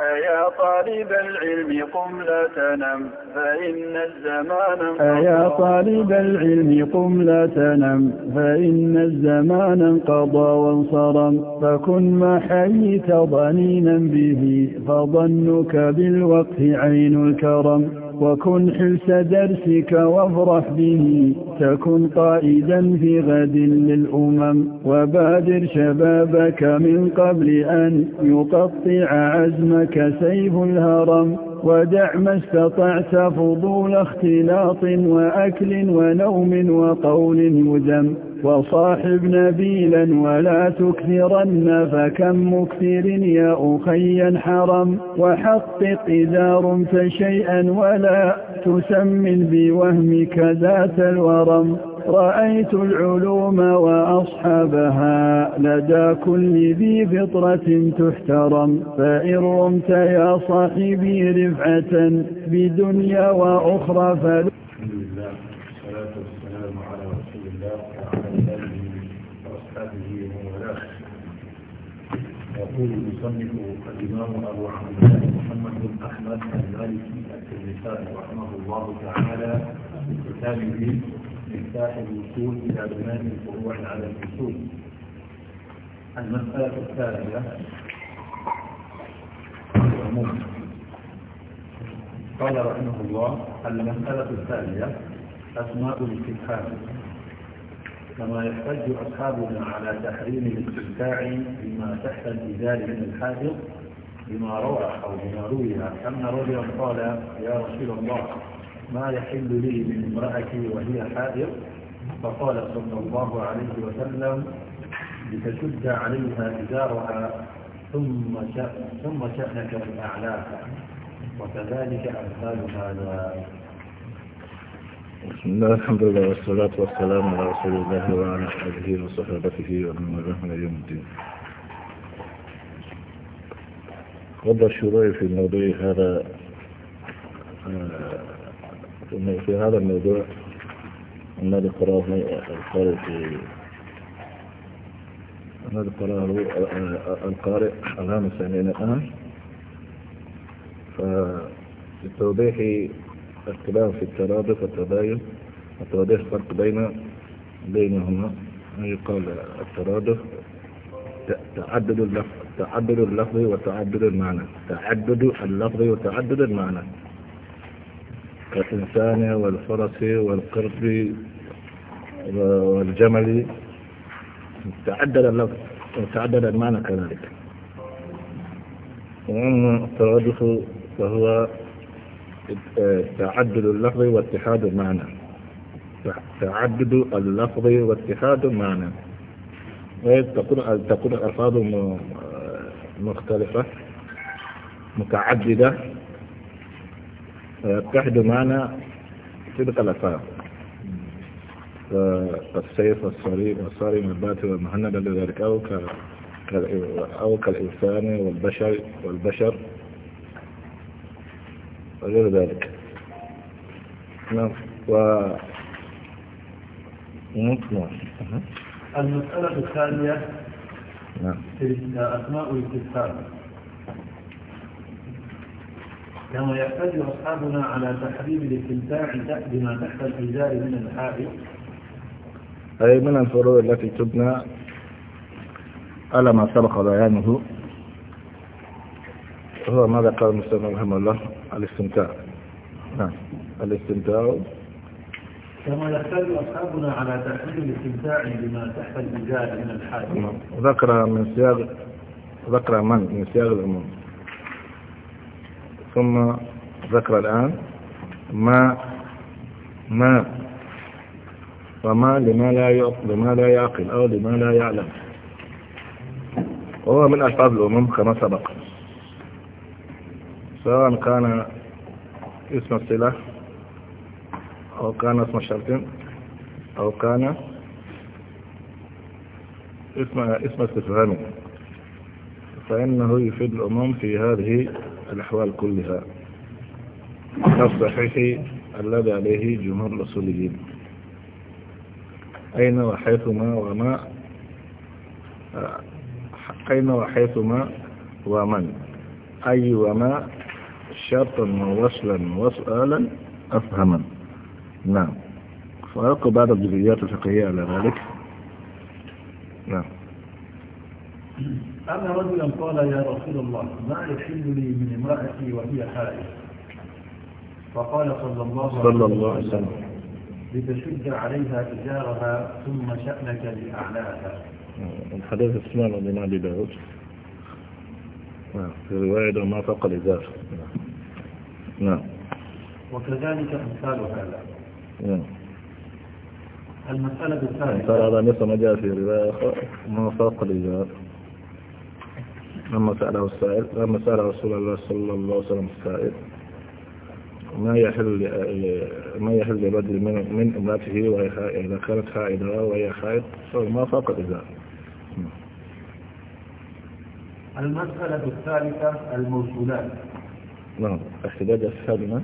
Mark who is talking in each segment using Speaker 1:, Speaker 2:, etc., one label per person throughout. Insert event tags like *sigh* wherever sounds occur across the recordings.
Speaker 1: أيا طالب العلم قم لا تنم فإن الزمان أيا طالب العلم قم لا تنم فإن الزمان انقضى وانصرم فكن ما حييت ضنينا به فظنك بالوقت عين الكرم وكن حلس درسك وافرح به تكن قائدا في غد للأمم وبادر شبابك من قبل أن يقطع عزمك سيف الهرم ودع ما استطعت فضول اختلاط وأكل ونوم وقول مذم وصاحب نبيلا ولا تكثرن فكم مكثر يا أخي حرم وحقق إذا رمت شيئا ولا تسمن بوهمك ذات الورم رأيت العلوم وأصحابها لدى كل ذي فطرة تحترم فإن رمت يا صاحبي رفعة بدنيا وأخرى فلو
Speaker 2: يقول المصنف الإمام أبو عبد الله محمد بن أحمد المالكي التلمساني رحمه الله تعالى في كتابه مفتاح الوصول إلى بناء الفروع على الأصول المسألة الثانية قال رحمه الله المسألة الثانية أسماء الاستفهام كما يحتج أصحابنا على تحريم الاستمتاع بما تحت الإزار من الحاجب بما روى أو بما روي أن رجلا قال يا رسول الله ما يحل لي من امرأتي وهي حائض فقال صلى الله عليه وسلم لتشد عليها إزارها ثم شأنك من أعلاها وكذلك أمثال هذا بسم الله الحمد لله والصلاة والسلام على رسول الله وعلى آله وصحبه ومن والاه إلى يوم الدين. وضع الشروع في الموضوع هذا آه، في هذا الموضوع أن القرآن القارئ في أن القرار آه، القارئ الآن سامعنا الآن فالتوضيح الكلام في الترادف والتباين الترادف فرق بين بينهما يقال الترادف تعدد اللفظ تعدد اللفظ وتعدد المعنى تعدد اللفظ وتعدد المعنى كالإنسان والفرس والقرب والجمل تعدد اللفظ وتعدد المعنى كذلك وأما الترادف فهو تعدد اللفظ واتحاد المعنى تعدد اللفظ واتحاد المعنى إيه، تكون تكون الألفاظ مختلفة متعددة تحد معنى تلك الألفاظ السيف والصريم والصارم والبات والمهند لذلك أو كالإنسان والبشر والبشر وغير ذلك نعم و ممكن
Speaker 1: المسألة الثانية نعم أسماء الاستفهام كما يحتج أصحابنا على تحريم الاستمتاع
Speaker 2: بما تحت الإزار من الحائط أي من الفروع التي تبنى على ما سبق بيانه هو ماذا قال المستمع رحمه الله الاستمتاع نعم الاستمتاع كما يحتاج أصحابنا على تحليل الاستمتاع بما تحت الإجابة من الحاكم ذكر من سياق ذكر من من سياق الامور ثم ذكر الآن ما ما وما لما لا لما لا يعقل أو لما لا يعلم وهو من ألفاظ الأمم كما سبق سواء كان اسم الصلة أو كان اسم الشرط أو كان اسم اسم استفهام فإنه يفيد الأمم في هذه الأحوال كلها كالصحيح الذي عليه جمهور الأصوليين أين وحيثما وما أين وحيثما ومن أي وما شرطا ووصلا وسؤالا أفهما نعم سألقى بعض الجزئيات الفقهية على ذلك نعم أن رجلا قال يا رسول الله ما يحل لي من امرأتي وهي حائل فقال صلى الله صلى الله عليه وسلم لتشد عليها إجارها ثم شأنك لأعلاها الحديث السنة لنا لداود نعم. في رواية ما فوق الإزار نعم وكذلك أمثال هذا نعم المسألة الثالثة هذا مثل ما جاء في رواية ما فوق الإزار لما سأله السائل لما سأل رسول الله صلى الله عليه وسلم السائل ما يحل ما يحل لبدل من من امراته وهي إذا كانت حائضة وهي حائض فما فاق الإزار المسألة الثالثة الموصولات نعم السبادة أصحابنا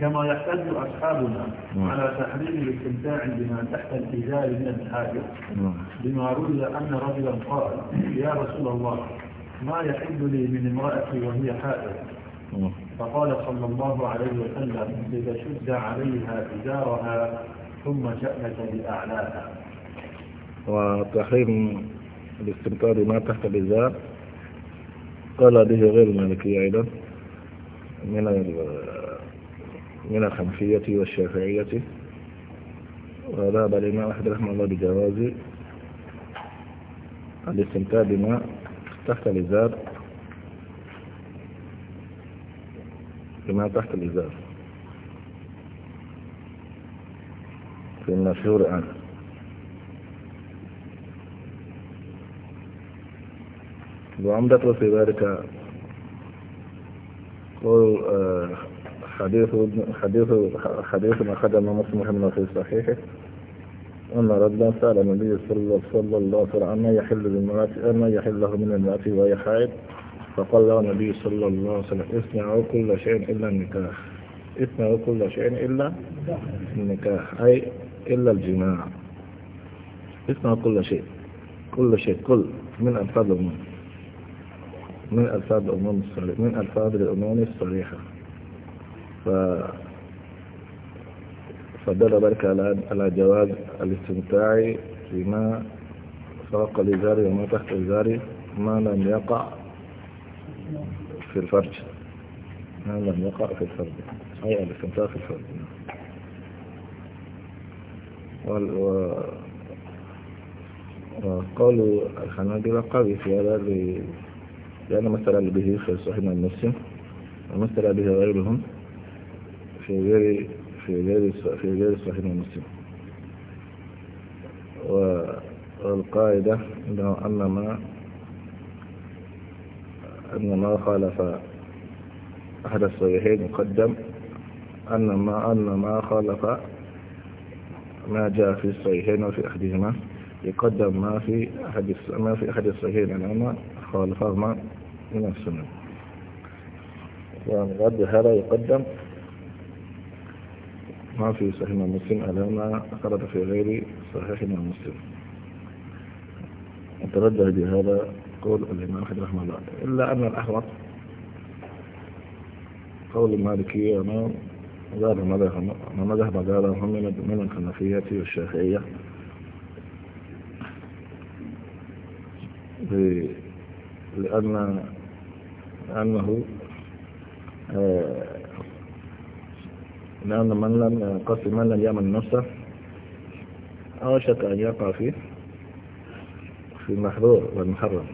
Speaker 2: كما يحتج أصحابنا نعم. على تحريم الاستمتاع بما تحت الحجاب من الحاجة نعم. بما روي أن رجلا قال يا رسول الله ما يحب لي من امرأتي وهي حائض نعم. فقال صلى الله عليه وسلم إذا شد عليها إزارها ثم شأنك بأعلاها وتحريم الاستنكار ما تحت الإزار قال به غير المالكية أيضا من من الحنفية والشافعية وذهب الإمام أحمد رحمه الله بجواز الاستمتاع بما تحت الإزار بما تحت الإزار في المشهور عنه وعمدة في ذلك قول آه، حديث حديث حديث ما خدم مسلم محمد في صحيحه أن رجلا سأل النبي صلى الله عليه وسلم أن يحل للمرأة أن يحل له من المرأة وهي حائض فقال له النبي صلى الله عليه وسلم اسمعوا كل شيء إلا النكاح اسمعوا كل شيء إلا النكاح أي إلا الجماع اسمعوا كل شيء كل شيء كل من أنفاذ المنكر من ألفاظ العموم الصريح من ألفاظ العموم الصريحة ف... فدل ذلك على على جواز الاستمتاع فيما فوق الإزار وما تحت الإزار ما لم يقع في الفرج ما لم يقع في الفرج أي الاستمتاع في الفرج وال... و... وقالوا الحنابلة قوي في هذا لأن مثل به في صحيح مسلم ومثل به غيرهم في غير في غير في غير صحيح مسلم والقاعدة أنه أن ما أن ما خالف أحد الصحيحين مقدم أن ما أن ما خالف ما جاء في الصحيحين وفي أحدهما يقدم ما في أحد ما في أحد الصحيحين أنما يعني خالفهما من السنة ومن هذا يقدم ما في صحيح مسلم على ما خرج في غير صحيح مسلم وترجع بهذا قول الإمام أحمد رحمه الله إلا أن الأحوط قول المالكية أمام ذهب ما ذهب هم من الحنفية والشافعية لأن أنه آه، لأن من لم قصد من لم يعمل نفسه أوشك أن يقع فيه في المحظور والمحرم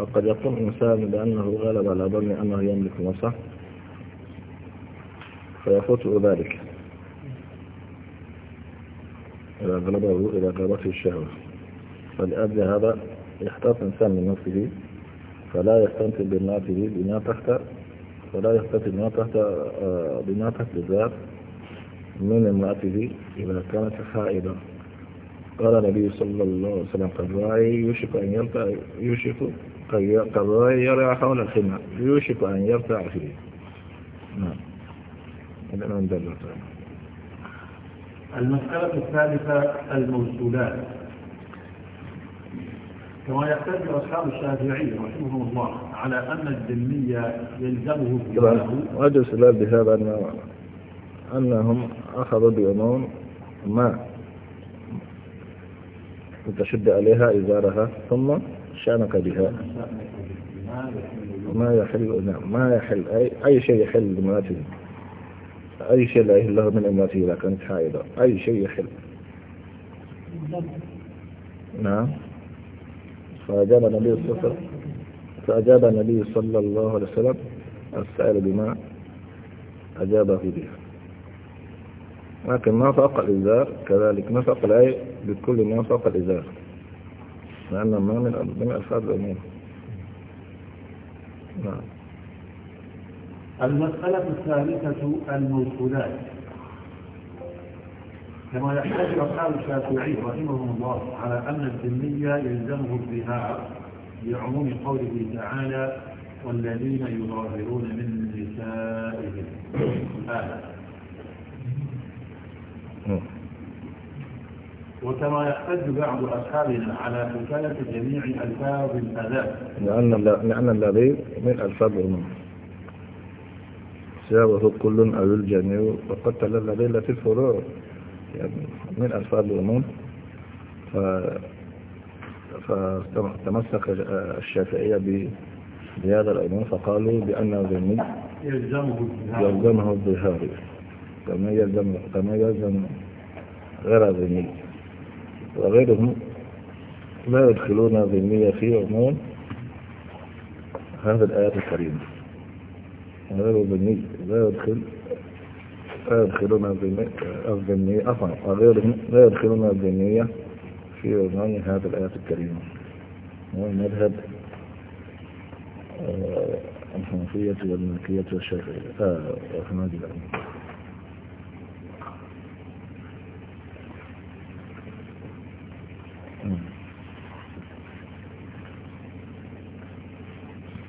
Speaker 2: وقد يقوم إنسان بأنه غلب على ظن أنه يملك نفسه فيفوته ذلك إذا غلبه إذا غلبته الشهوة فلأجل هذا يحتاط إنسان من نفسه فلا يستنتج بما فيه بما تحت فلا يستنتج بما تحت آه، بما تحت الذات من امرأته إذا كانت حائضة قال النبي صلى الله عليه وسلم قضائي يوشك أن يرتع يوشك قضائي يرى حول الخمة يوشك أن يرتع فيه نعم هذا من المسألة الثالثة الموصولات كما يعتبر أصحاب الشافعي رحمه الله على أن الذمية يلزمه وجه الاستدلال بهذا أن أنهم أخذوا بأمون ما تشد عليها إزارها ثم شأنك بها ما يحل نعم ما يحل أي, أي شيء يحل لامرأته أي شيء لا يحل له من امرأته إذا كانت حائضة أي شيء يحل نعم فأجاب النبي صلى الله عليه وسلم فأجاب النبي صلى الله عليه وسلم السائل بما أجابه به لكن ما فاق الإزار كذلك ما فاق الآية بكل ما فاق الإزار لأن ما من من ألفاظ الأمور نعم المسألة الثالثة الموصولات كما يحتاج أصحاب الشافعي رحمهم الله على أن الذمية يلزمه بها لعموم قوله تعالى والذين يظاهرون من نسائهم آه. وكما يحتج بعض أصحابنا على حكاية جميع ألفاظ الأذان لأن لأن الذي من ألفاظ الأمم سيابه كل أو الجميع وقتل الذي في الفروع يعني من ألفاظ الغموض فتمسك الشافعية بهذا العنوان فقالوا بأنه ذمي يلزمه الظهاري كما يلزم كما يلزم غير ذمي وغيرهم لا يدخلون ذمية في عموم هذا الآيات الكريمة غير ذمي لا يدخل لا يدخلون الظنية أصلا لا يدخلون الظنية في عنوان هذه الآيات الكريمة هو مذهب آه، الحنفية والملكية والشافعية آه، والحنابلة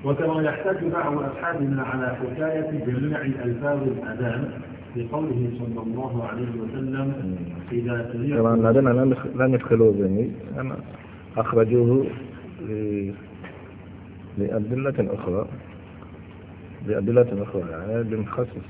Speaker 2: وكما يحتاج بعض أصحابنا على حكاية جميع ألفاظ الأذان لقوله صلى الله عليه وسلم إذا تريد طبعا الذين لم يدخلوا بني أنا أخرجوه لأدلة أخرى بأدلة أخرى يعني بنخصص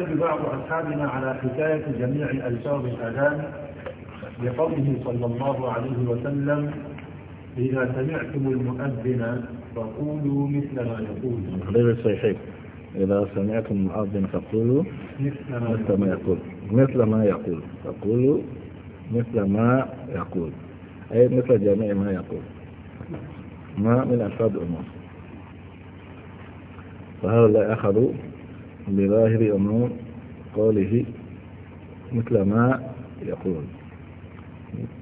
Speaker 2: يحتج بعض أصحابنا على حكاية جميع ألفاظ الأذان لقوله صلى الله عليه وسلم إذا سمعتم المؤذن فقولوا مثل ما يقول غير الصحيح إذا سمعتم المؤذن فقولوا مثل ما يقول مثل ما يقول فقولوا مثل ما يقول أي مثل جميع ما يقول ما من ألفاظ الأمور فهؤلاء أخذوا بظاهر أمور قوله مثل ما يقول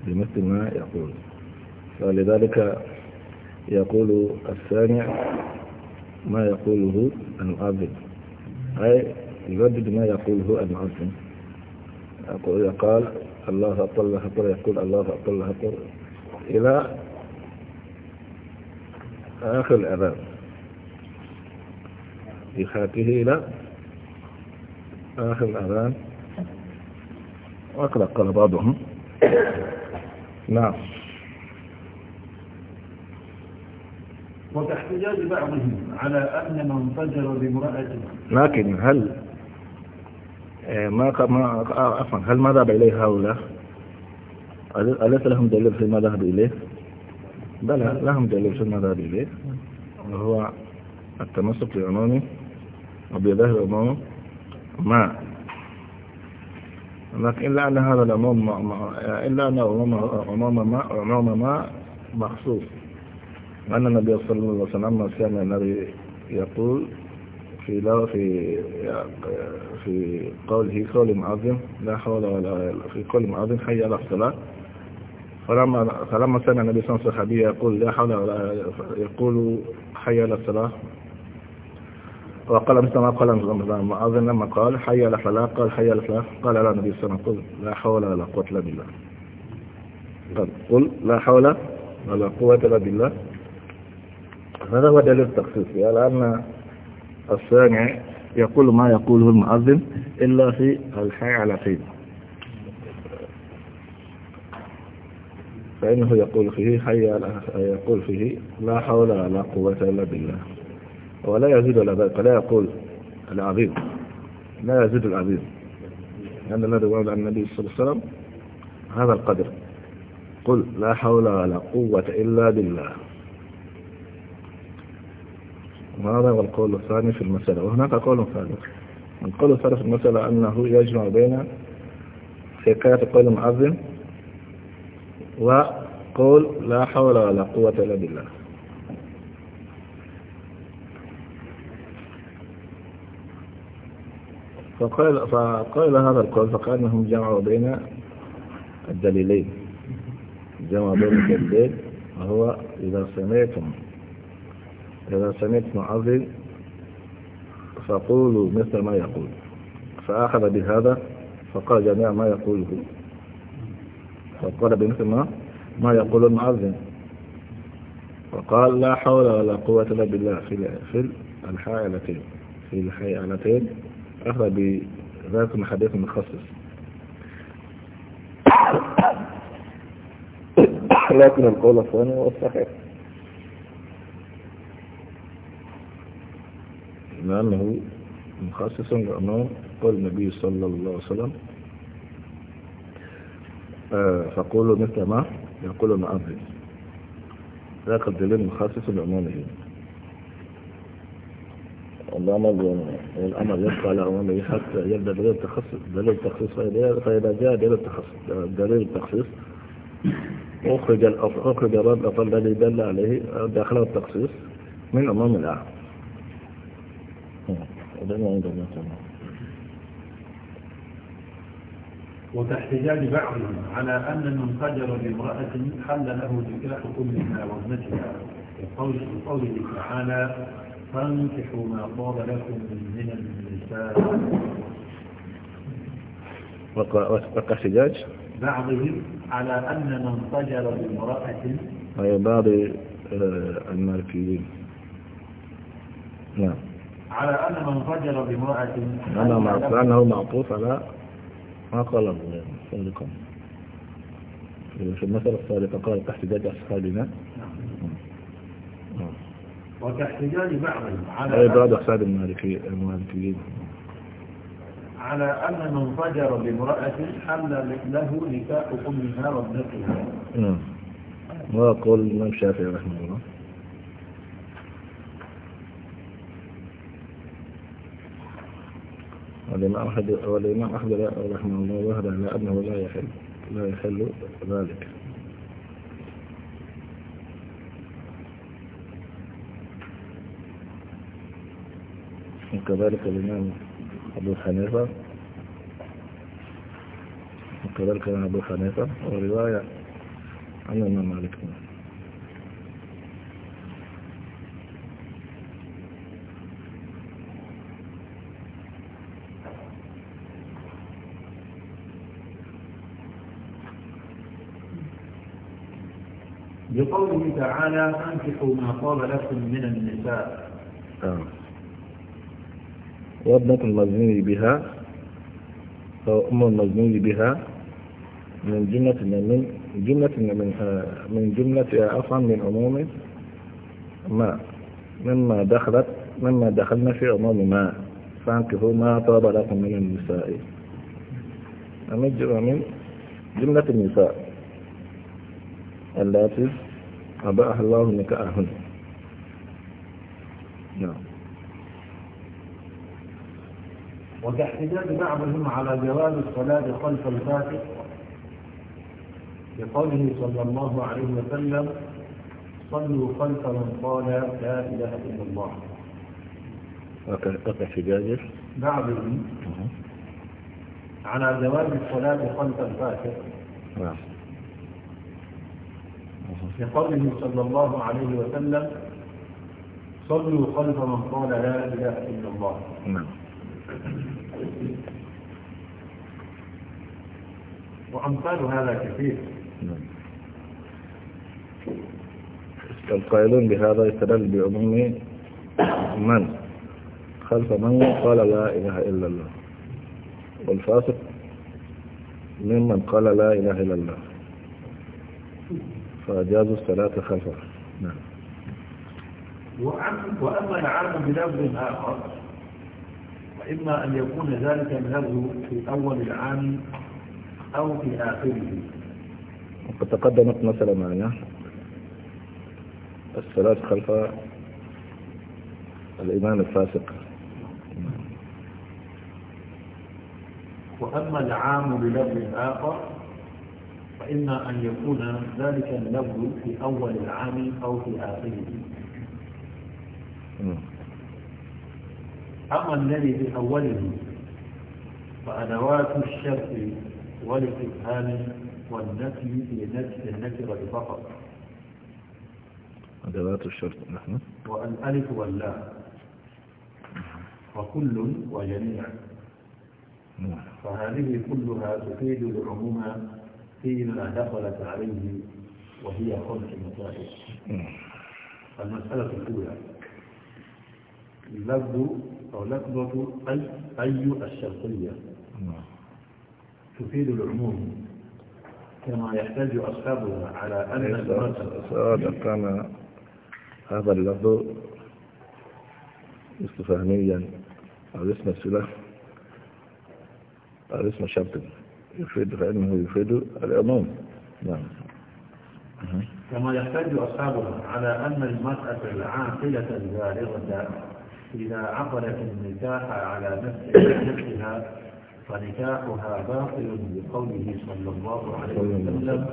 Speaker 2: بمثل ما يقول فلذلك يقول السامع ما يقوله المؤذن أي يردد ما يقوله المؤذن يقال الله أطل هطر يقول الله أطل هطر إلى آخر الأذان يحاكيه إلى آخر الأذان وقد قال بعضهم نعم
Speaker 1: وكاحتجاج بعضهم على أن من فجر بامرأته
Speaker 2: لكن هل آه، ما ما آه، عفوا هل ما ذهب إليه هؤلاء؟ أليس لهم دليل في ما ذهب إليه؟ بلى لهم دليل في ما ذهب إليه وهو التمسك بعمومه وبظاهر عمومه ما لكن إلا أن هذا العموم إلا أن عموم ما عموم ما مخصوص أن النبي صلى الله عليه وسلم كان النبي يقول في لا في في قوله قول معظم لا حول ولا في قول معظم حي على الصلاة فلما فلما سمع النبي صلى الله عليه وسلم يقول لا حول ولا يقول حي على الصلاة وقال مثل ما قال المؤذن لما قال حي على قال حي على قال على النبي صلى الله عليه وسلم قل لا حول ولا قوة إلا بالله قال قل لا حول ولا قوة إلا بالله هذا هو دليل التخصيص لأن السامع يقول ما يقوله المؤذن إلا في الحي على فين فإنه يقول فيه حي على يقول فيه لا حول ولا قوة إلا بالله ولا يزيد ولا بأس فلا يقول العبيد لا يزيد العبيد لأن الذي قال عن النبي صلى الله عليه وسلم هذا القدر قل لا حول ولا قوة إلا بالله وهذا هو القول الثاني في المسألة وهناك قول ثالث القول الثالث في المسألة أنه يجمع بين حكاية قول المعظم وقول لا حول ولا قوة إلا بالله فقال, فقال هذا القول فقال انهم جمعوا بين الدليلين جمعوا بين الدليلين وهو إذا سمعتم إذا سمعتم عظيم فقولوا مثل ما يقول فأخذ بهذا فقال جميع ما يقوله فقال بمثل ما ما يقول المعظم وقال لا حول ولا قوة إلا بالله في الحائلتين في الحائلتين أخرى بذات حديث المخصص *coughs* لكن القول الثاني هو الصحيح لأنه مخصص لأنه قال النبي صلى الله عليه وسلم آه، فقولوا مثل ما يقول المؤذن ذاك الدليل مخصص لعمومه والأمر الامر يبقى له عمومه حتى يبدأ دليل التخصص دليل التخصيص فإذا جاء دليل التخصص دليل التخصيص أخرج أخرج الرد الذي دل عليه داخله التخصيص من أمام الأعم وتحتجاج بعضهم على أن المنفجر لامرأة حل له ذكر حكمها وزنتها بقوله تعالى فانكحوا ما طاب لكم من النساء واحتجاج بعضهم على أن من طجر بامرأة أي بعض آه، المالكيين نعم على أن من طجر بامرأة أنه معطوف على ما قال صدقا في المثل الصادق قال احتجاج أصحابنا وكاحتجاج بعضهم على أي بعض المالكي المالكيين على أن من فجر بامرأة حل له نكاح أمها وابنتها نعم وقول الإمام الشافعي رحمه الله والإمام أحمد والإمام أحمد رحمه الله ظهر على أنه لا يحل لا يحل ذلك وكذلك الإمام أبو حنيفة وكذلك الإمام أبو حنيفة ورواية عن الإمام مالك بقوله تعالى أنفقوا ما طاب لكم من النساء آه. وابنة المزنون بها أو أم المزنون بها من جملة من جملة من من جملة عفوا من عموم ما مما دخلت مما دخلنا في عموم ما فانكحوا ما طاب لكم من النساء من جملة النساء التي أباح الله نكاحهن نعم وتحتجاج بعضهم على جواز الصلاة خلف الفاتح بقوله صلى الله عليه وسلم صلوا خلف من قال لا إله إلا الله وكاحتجاج بعضهم على جواز الصلاة خلف الفاتح نعم. بقوله صلى الله عليه وسلم صلوا خلف من قال لا إله إلا الله نعم وأمثال هذا كثير نعم. القائلون بهذا يتدل بعموم من خلف من قال لا إله إلا الله والفاسق ممن قال لا إله إلا الله فأجازوا الصلاة خلفه نعم وأما العالم بلفظ آخر فإما أن يكون ذلك اللفظ في أول العام أو في آخره وقد تقدمت مسألة معنا الصلاة خلف الإمام الفاسق وأما العام بلفظ آخر فإما أن يكون ذلك اللفظ في أول العام أو في آخره أما الذي في أوله فأدوات الشرط والإبهام والنفي في نفس النكرة فقط أدوات الشرط نحن والألف واللام وكل وجميع نعم. فهذه كلها تفيد العموم فيما دخلت عليه وهي خمس مسائل نعم. المسألة الأولى لفظ أو لفظة أي, أي الشرطية نعم. تفيد العموم كما يحتاج أصحابها على أن سؤال كان هذا اللفظ استفهاميا أو اسم السلاح أو اسم شرط يفيد فإنه يفيد العموم نعم كما يحتاج أصحابها على أن المرأة العاقلة البالغة إذا عقلت النكاح على نفسها فنكاحها باطل بقوله صلى الله عليه وسلم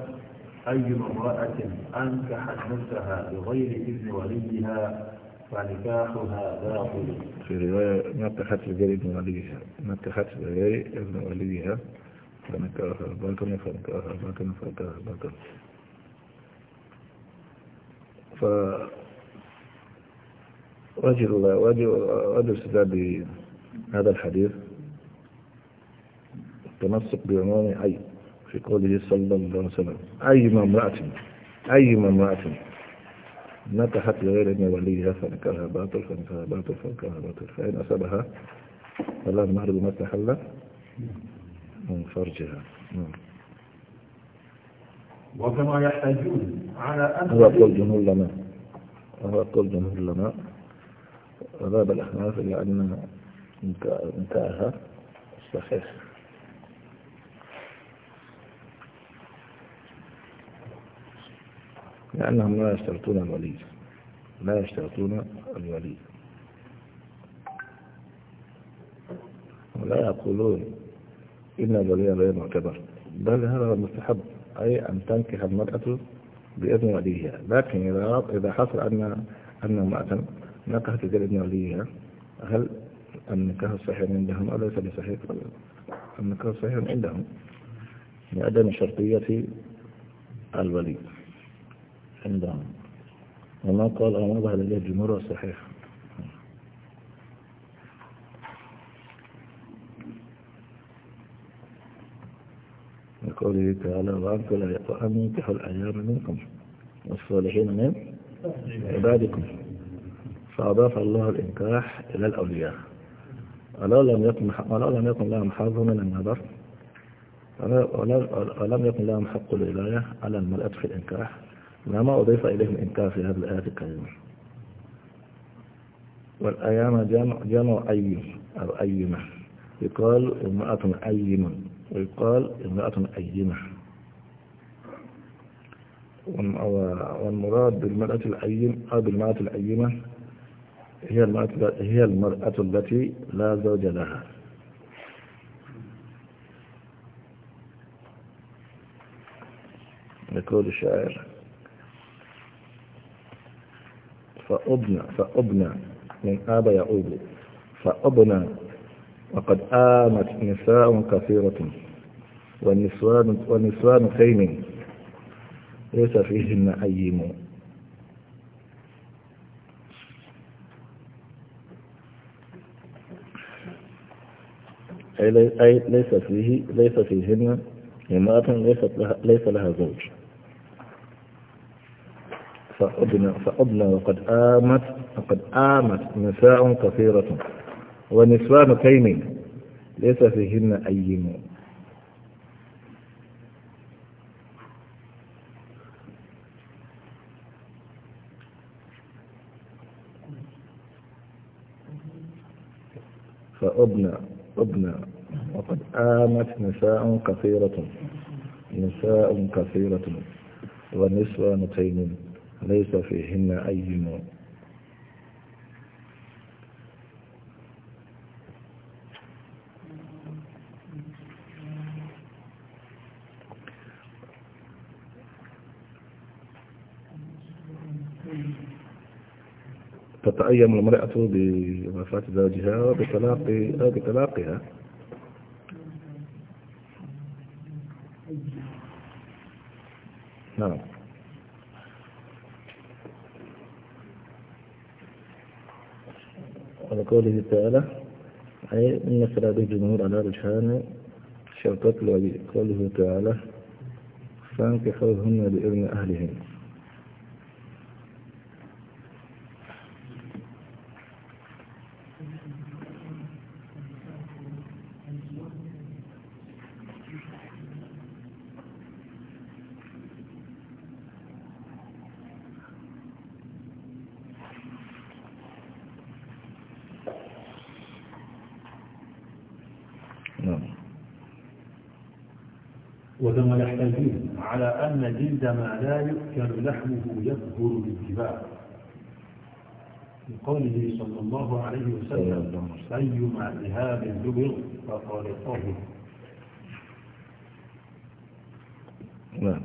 Speaker 2: أي امرأة أنكحت نفسها بغير إذن وليها فنكاحها باطل في رواية ما اتخذت بغير إذن وليها ما اتخذت بغير إذن وليها فنكاحها باطل فنكاحها باطل فنكاحها باطل ف وجه وجه وجه هذا الحديث التمسك بعنوان أي في قوله صلى الله عليه وسلم أي امرأة أي امرأة نكحت لغير ابن وليها فنكرها باطل فنكرها باطل فنكرها باطل فإن أصابها فلا المهر بما تحلى من فرجها نعم. وكما يحتاجون على أن هذا قول جمهور لنا هذا قول جمهور لنا وذهب الأحناف إلى أن نكاحها صحيح لأنهم لا يشترطون الولي لا يشترطون الولي ولا يقولون إن الولي غير معتبر بل هذا مستحب أي أن تنكح المرأة بإذن وليها لكن إذا حصل أن أن المرأة نكحت بإذن وليها هل النكاح صحيح عندهم أو ليس بصحيح؟ النكاح صحيح عندهم لعدم شرطية الولي عندهم وما قال أمضى على ذلك الجمهور صحيح لقوله تعالى وأن ينكحوا الأيام منكم والصالحين من عبادكم فأضاف الله الإنكاح إلى الأولياء ولو لم يكن ولا لم يكن لهم حظ من النظر ولم يكن لهم حق الولاية على المرأة في الإنكاح ما أضيف إليه الإنكار في هذه الآيات الكريمة والأيام جمع جمع أيم أو أيمة يقال امرأة أيم ويقال امرأة أيمة والمراد بالمرأة الأيم أو بالمرأة الأيمة هي المرأة, هي المرأة التي لا زوج لها يقول الشاعر فأبنى فأبنى من آب يعوب فأبنى وقد آمت نساء كثيرة والنسوان, والنسوان خيم ليس فيهن أيم أي ليس فيه ليس فيهن امرأة ليست لها ليس لها زوج فأدنى فأدنى وقد آمت وقد آمت نساء كثيرة ونسوان كيم ليس فيهن أيم فأبنى أبنى وقد آمت نساء كثيرة نساء كثيرة ونسوان تيمين ليس فيهن أي نوع تتأيم المرأة بوفاة زوجها وبطلاقها نعم قوله تعالى أي إن صلاة الجمهور على رجحان شوكة الولي قوله تعالى فانكحوهن بإذن أهلهن عندما لا يؤكل لحمه يكبر الاتباع لقوله صلى الله عليه وسلم أيما ذهاب دبر فقال الطهر نعم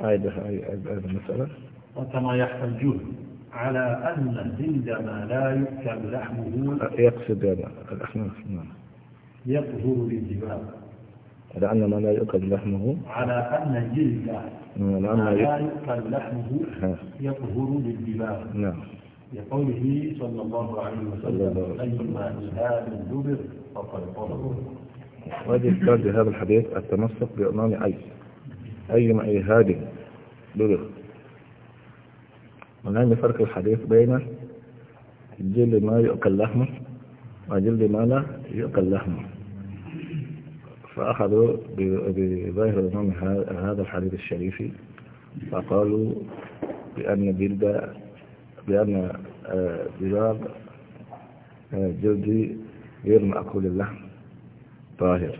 Speaker 2: هذا هذا المسألة وكما يحتجون على أن ما لا يؤكل لحمه يقصد هذا الأحناف نعم يظهر الانتباه على أن ما لا يؤكل لحمه على أن الجلد نعم، لأن كان يؤكل لحمه يطهر للدماغ نعم لقوله صلى الله عليه وسلم أيما إلهاب دبر فقد طهر ويجب كان هذا الحديث التمسك بأمام أي أيما إلهام دبر ونعم فرق الحديث بين جلد ما يؤكل لحمه وجلد ما لا يؤكل لحمه فأخذوا بظاهر الإمام هذا الحديث الشريف فقالوا بأن جلد بأن آه، ديباغ آه، جلدي غير مأكول اللحم طاهر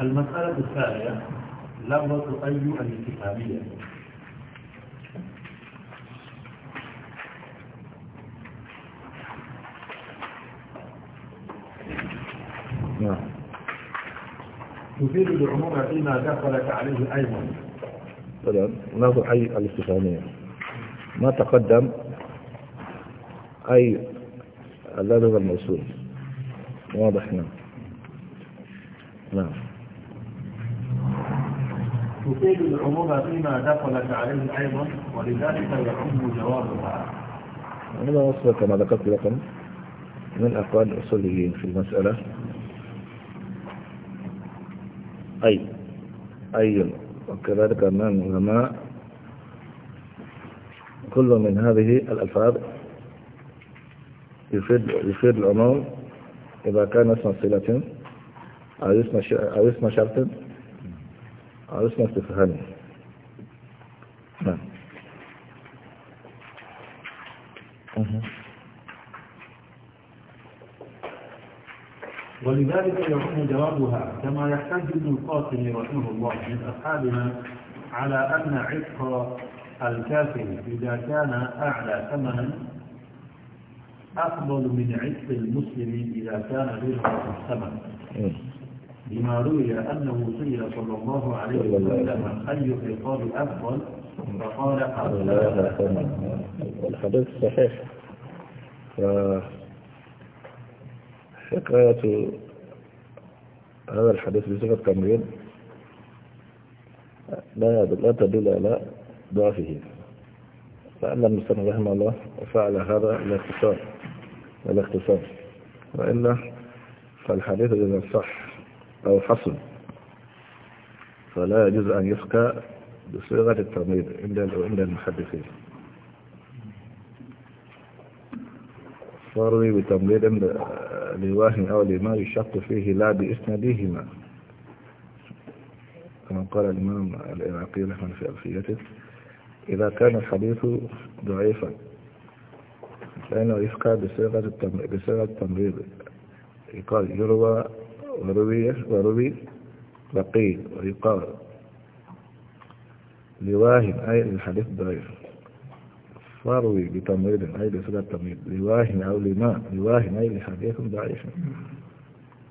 Speaker 2: المسألة الثانية لغة أي الاستفهامية نعم. تفيد العموم فيما دخلت عليه أيضا طيب، لغة أي الاستفهامية ما تقدم أي اللغة الموصول واضح نعم نعم تفيد العموم فيما دخلت عليه أيضا ولذلك يحب جوابها هذا أصل كما ذكرت لكم من أقوال الأصوليين في المسألة أي أي وكذلك من العلماء كل من هذه الألفاظ يفيد, يفيد العموم إذا كان اسم صلة أو اسم أو اسم شرط عرفنا استفهامه نعم ولذلك يكون جوابها كما يحتج ابن القاسم رحمه الله من أصحابنا على أن عتق الكافر إذا كان أعلى ثمنا أفضل من عتق المسلم إذا كان غير الثمن mm. لما روي أنه سئل صلى الله عليه وسلم أي الخطاب أفضل فقال الحديث صحيح فحكاية هذا الحديث بصفة تمرين لا لا تدل على ضعفه فألا المسلم رحمه الله فعل هذا الاختصار الاختصار وإلا فالحديث إذا صح أو حصن فلا يجوز أن يفكى بصيغة التمريض عند المحدثين فروي بتمريض لواه أو لما يشق فيه لا بإسندهما كما قال الإمام العراقي رحمه في ألفيته إذا كان الحديث ضعيفا فإنه يفكى بصيغة التمريض يقال يروى وروي وروي رقيق ويقال لواهن أي الحديث ضعيف فروي بتمريض أي بصلة تمريض لواهن أو لما لواهن أي الحديث ضعيف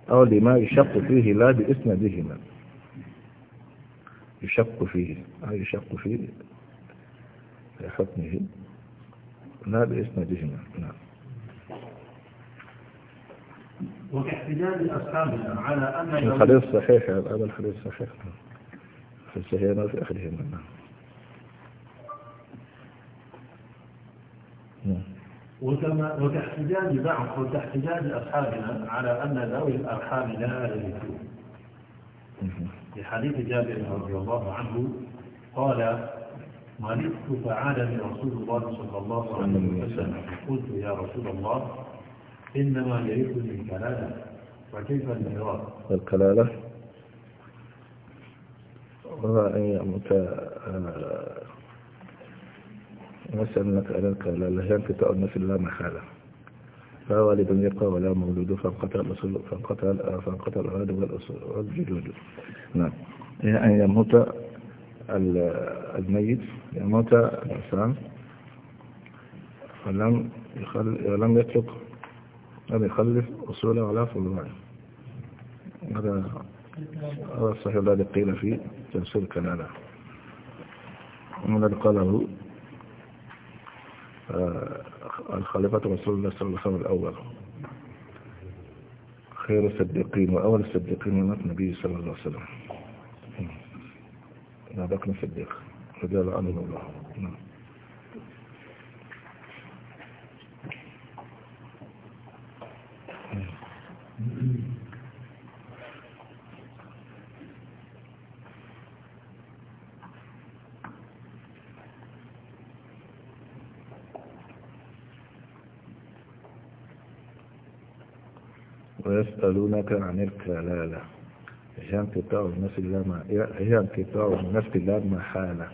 Speaker 2: أو لما يشق فيه لا بإسندهما يشق فيه أي يشق فيه في حكمه لا بإسندهما نعم وكاحتجاج أصحابنا على أن الحديث صحيح هذا الحديث صحيح في الصحيحين وفي آخرهما نعم. وكما وكاحتجاج بعض وكاحتجاج أصحابنا على أن ذوي الأرحام لا يرثون في حديث جابر رضي الله عنه قال مرضت فعادني رسول الله صلى الله عليه وسلم قلت يا رسول الله إنما يريد الكلالة وكيف الميراث الكلالة نسأل إيه، آه، مسألة الكلالة هي انقطاع النسل لا محالة لا والد يبقى ولا مولود فانقتل الأصول فانقتل آه، فانقتل الأولاد والجدود نعم ان إيه، أن يموت الميت يموت الإنسان ولم يخل ولم يترك أن يخلف أصوله على فضلائه هذا هذا الصحيح الذي قيل في تفسير كلالة الذي قاله آه، الخليفة رسول الله صلى الله عليه وسلم الأول خير الصديقين وأول الصديقين من النبي صلى الله عليه وسلم نبقنا صديق رضي الله عنه الله نعم ويسألونك عن الكلالة هي انقطاع النفس لا ما هي انقطاع النفس لا محالة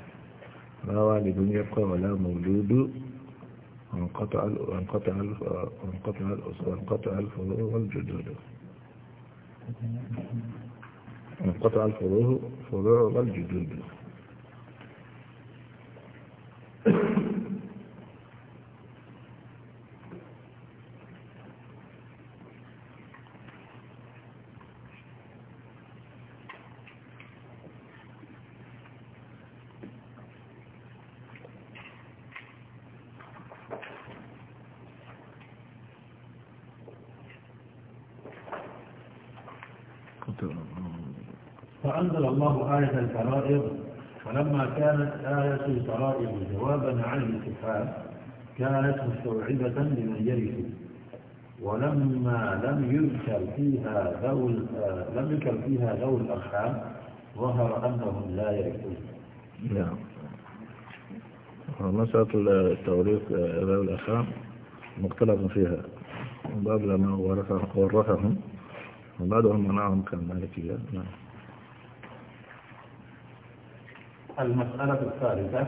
Speaker 2: لا والد يبقى ولا مولود وانقطع وانقطع وانقطع وانقطع الفروع والجدود انقطع الفروع فروع والجدود الكرائم جوابا عن الاتحاد كانت مستوعبة لمن يرث ولما لم يذكر فيها ذو آه، لم يذكر فيها ذو الأرحام ظهر أنهم لا يرثون. نعم. مسألة التوريث آه، ذوي الأرحام مختلف فيها من باب لما ورثهم وبعدهم منعهم كالمالكية نعم. المسألة الثالثة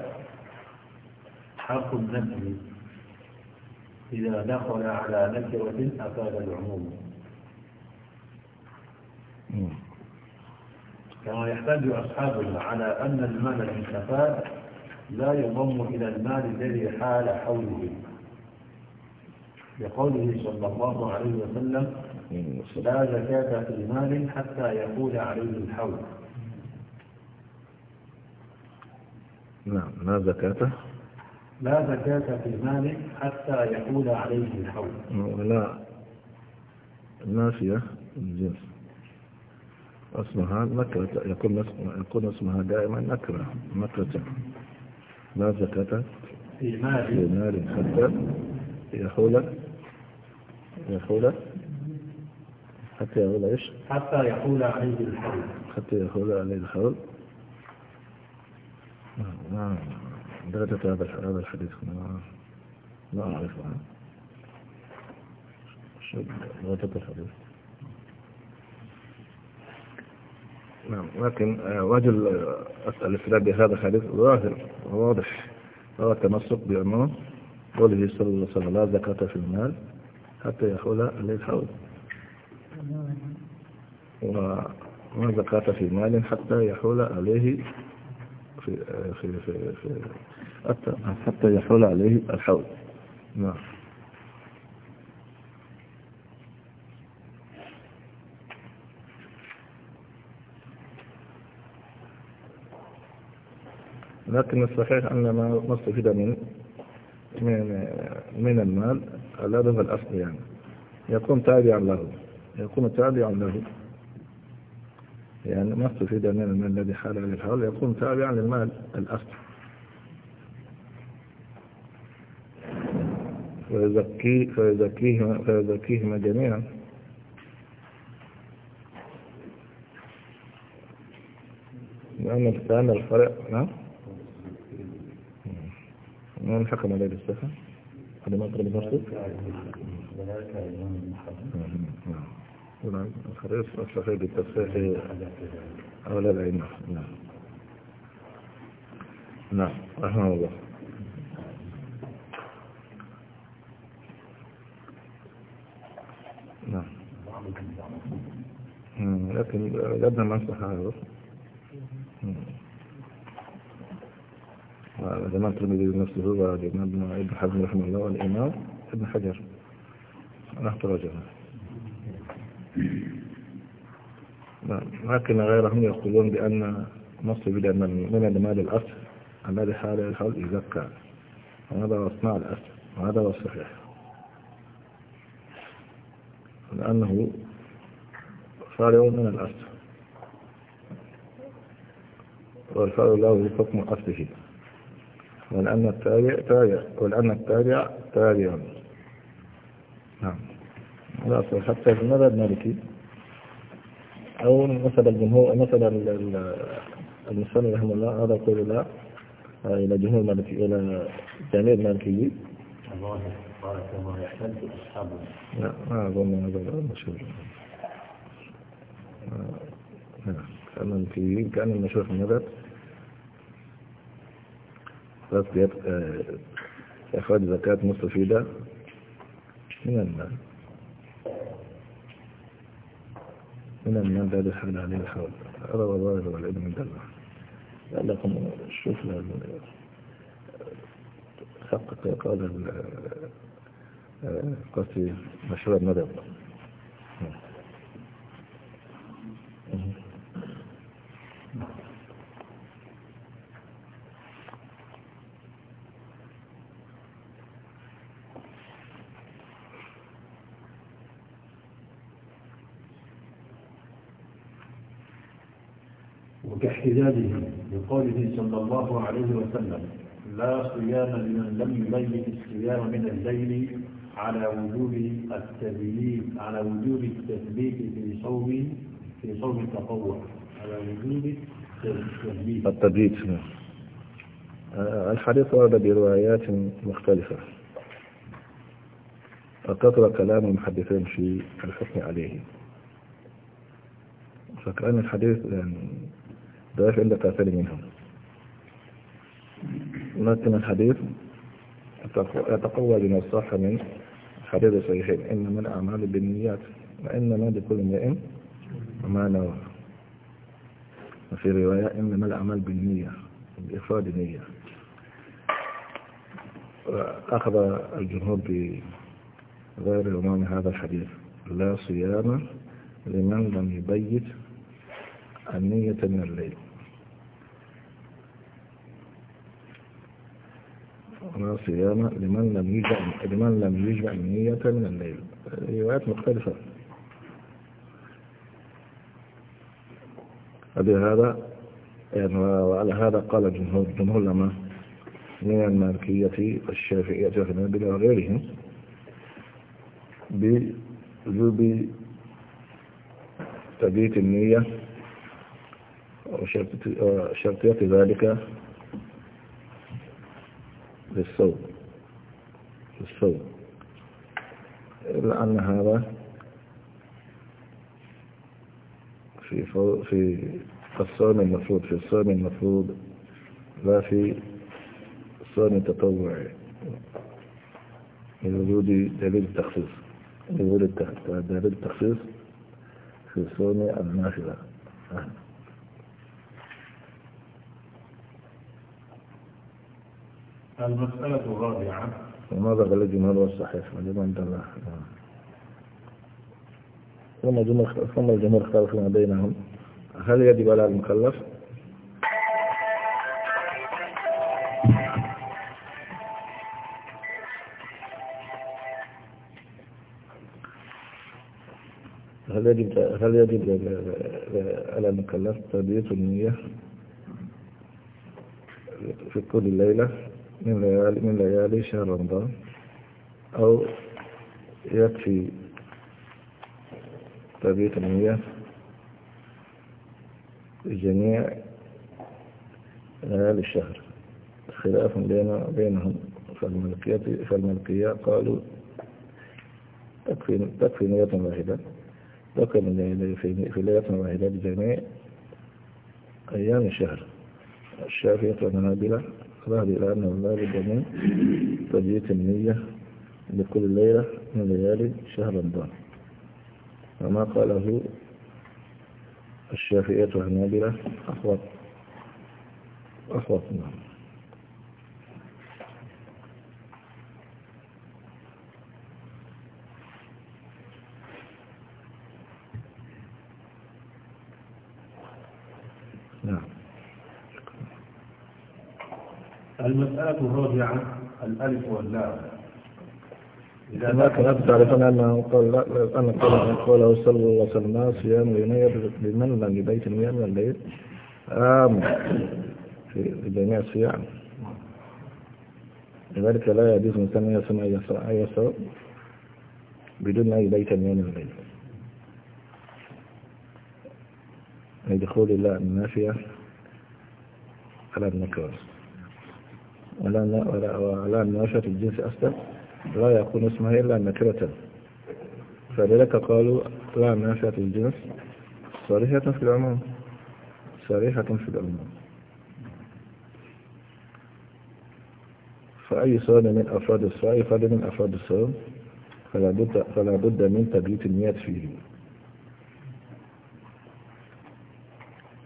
Speaker 2: حق النفي إذا دخل على نكرة أفاد العموم كما يحتج أصحابنا على أن المال المستفاد لا يضم إلى المال الذي حال حوله بقوله صلى الله عليه وسلم لا زكاة في مال حتى يقول عليه الحول نعم ما زكاة لا زكاة في المال حتى يقول عليه الحول ولا نافية الجنس اسمها نكرة يكون اسمها يكون اسمها دائما نكرة نكرة لا زكاة في مال في مال حتى يحول يحول حتى يقول ايش؟ حتى يحول عليه الحول حتى يحول عليه الحول نعم،, نعم،, نعم درجة هذا الحديث لا أعرفه شو درجة الحديث نعم لكن آه، وجل آه، أسأل هذا هذا الحديث ظاهر واضح هو التمسك بعنوان قوله صلى الله عليه وسلم لا زكاة في المال حتى يحول إليه الحول نعم. وما زكاة في مال حتى يحول عليه آه، في في في, في حتى يحول عليه الحول نعم لكن الصحيح أن ما نستفيد من من من المال الأدب الأصلي يعني يكون تابعا له يكون تابعا له يعني ما استفيد من المال الذي حال عليه الحول يكون تابعا للمال الأصل فيزكيه فيزكيهما فيزكيهما جميعا نعم، لأن كان الفرق نعم من نعم، حكم عليه بالسفر؟ هذا ما قرب نفسه نعم. الخريص الصحيح بالتصحيح أولى العلم نعم نعم رحمه الله نعم, نعم. لكن لابد من صححه الإمام الترمذي نفسه وابن ابن حزم رحمه الله والإمام ابن حجر نحن نعم، رجعنا نعم. لكن غيرهم يقولون بأن نص بدا من المال الأصل الذي حال الحول يزكى وهذا هو صناع الأصل وهذا هو الصحيح لأنه فارغ من الأصل والفارغ له حكم أصله ولأن التابع تابع ولأن التابع تابع نعم لا أصل حتى في المذهب المالكي أو مثل الجمهور مثل المسلم رحمه الله هذا يقول لا آه، إلى جمهور المالكي إلى جميع المالكيين قال كما يحتج أصحابه لا ما أظن هذا مشهور آه، نعم، كان في كان المشهور في المذهب تسقية آه، إخراج زكاة مستفيدة من المال من من ذا يحمل عليه الحول هذا هو الظاهر من دلوه لعلكم شوف حقق قادر آه، قصي مشروع الندب حجابه بقوله صلى الله عليه وسلم لا صيام لمن لم يبين الصيام من الليل على وجوب التثبيت على وجوب التثبيت في صوم في صوم التطوع على وجوب التثبيت الحديث ورد بروايات مختلفة فكثر كلام المحدثين في الحكم عليه فكأن الحديث يعني ضعيف عندك تعتني منهم ولكن الحديث يتقوى بما صح من حديث الصحيحين إنما الأعمال بالنيات وإنما لكل امرئ ما نوى وفي رواية إنما الأعمال بالنية بإفراد النية أخذ الجمهور بغير إمام هذا الحديث لا صيام لمن لم يبيت النية من الليل ولا صيام لمن لم يجمع لمن لم يجمع النية من الليل روايات مختلفة هذا يعني وعلى هذا قال جمهور جمهور العلماء من المالكية والشافعية والحنابلة وغيرهم بوجوب تبيت النية وشرطية آه، ذلك للصوم للصوم إلا أن هذا في في الصوم المفروض في الصوم المفروض لا في الصوم التطوعي لوجود دليل التخصيص لوجود دليل التخصيص في الصوم النافلة المسألة الرابعة وماذا قال الجمهور والصحيح الجمهور انتبه ثم نعم. الجمهور ثم الجمهور اختلف ما بينهم هل يجب على المكلف هل يجب هل يجب على المكلف تبيت النية في كل ليلة من ليالي, من ليالي شهر رمضان أو يكفي تبيت النية جميع ليالي الشهر خلاف بينهم فالملكية, فالملكية قالوا تكفي, تكفي نية واحدة ذكر في ليلة واحدة بجميع أيام الشهر الشافية والنابلة الإقرار إلى أنه لا بد من تبييت النية لكل ليلة من ليالي شهر رمضان وما قاله الشافعية والحنابلة أخوات أحوط نعم المسألة الرابعة الألف واللام إذا ما كان تعرفون أنه قال لا أن قال قوله صلى الله عليه وسلم صيام يناير لمن لم يبيت المياه من الليل آم في جميع الصيام لذلك لا يجوز الإنسان أن يصوم أي صوم بدون أي بيت من الليل لدخول الله النافية على النكر ولا ولا مناوشة الجنس أصلا لا يكون اسمها إلا نكرة فلذلك قالوا لا مناوشة الجنس صريحة في العموم صريحة في العموم فأي صوم من أفراد الصائم فهذا من أفراد الصوم فلا بد فلا بد من تبييت النية فيه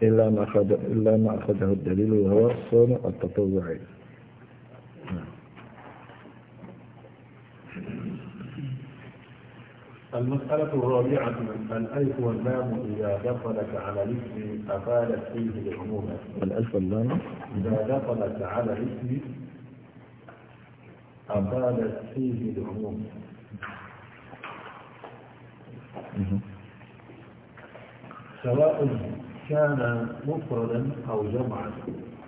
Speaker 2: إلا ما أخذ إلا ما أخذه الدليل وهو الصوم التطوعي نعم. المسألة الرابعة الألف واللام إذا دخلت على الاسم أفادت فيه العموم. الألف واللام إذا دخلت على الاسم أفادت فيه العموم سواء كان مفردا أو جمعا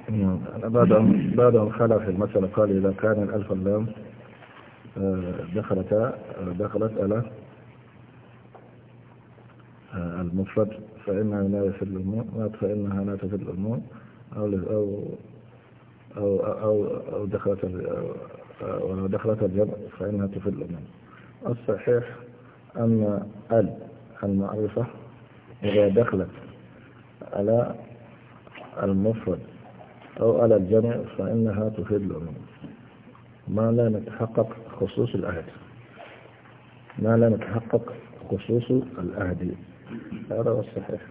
Speaker 2: بعد بعد ان خلع في المسألة قال إذا كان الألف اللام آه، دخلتا آه، دخلت على آه، المفرد فإنها لا يفيد الموت فإنها لا تفيد الموت أو أو أو أو, أو دخلت ولو دخلت الجمع فإنها تفيد الأمم الصحيح أن ال المعرفة إذا دخلت على المفرد أو على الجمع فإنها تفيد العموم ما لا نتحقق خصوص العهد ما لا نتحقق خصوص العهد هذا هو الصحيح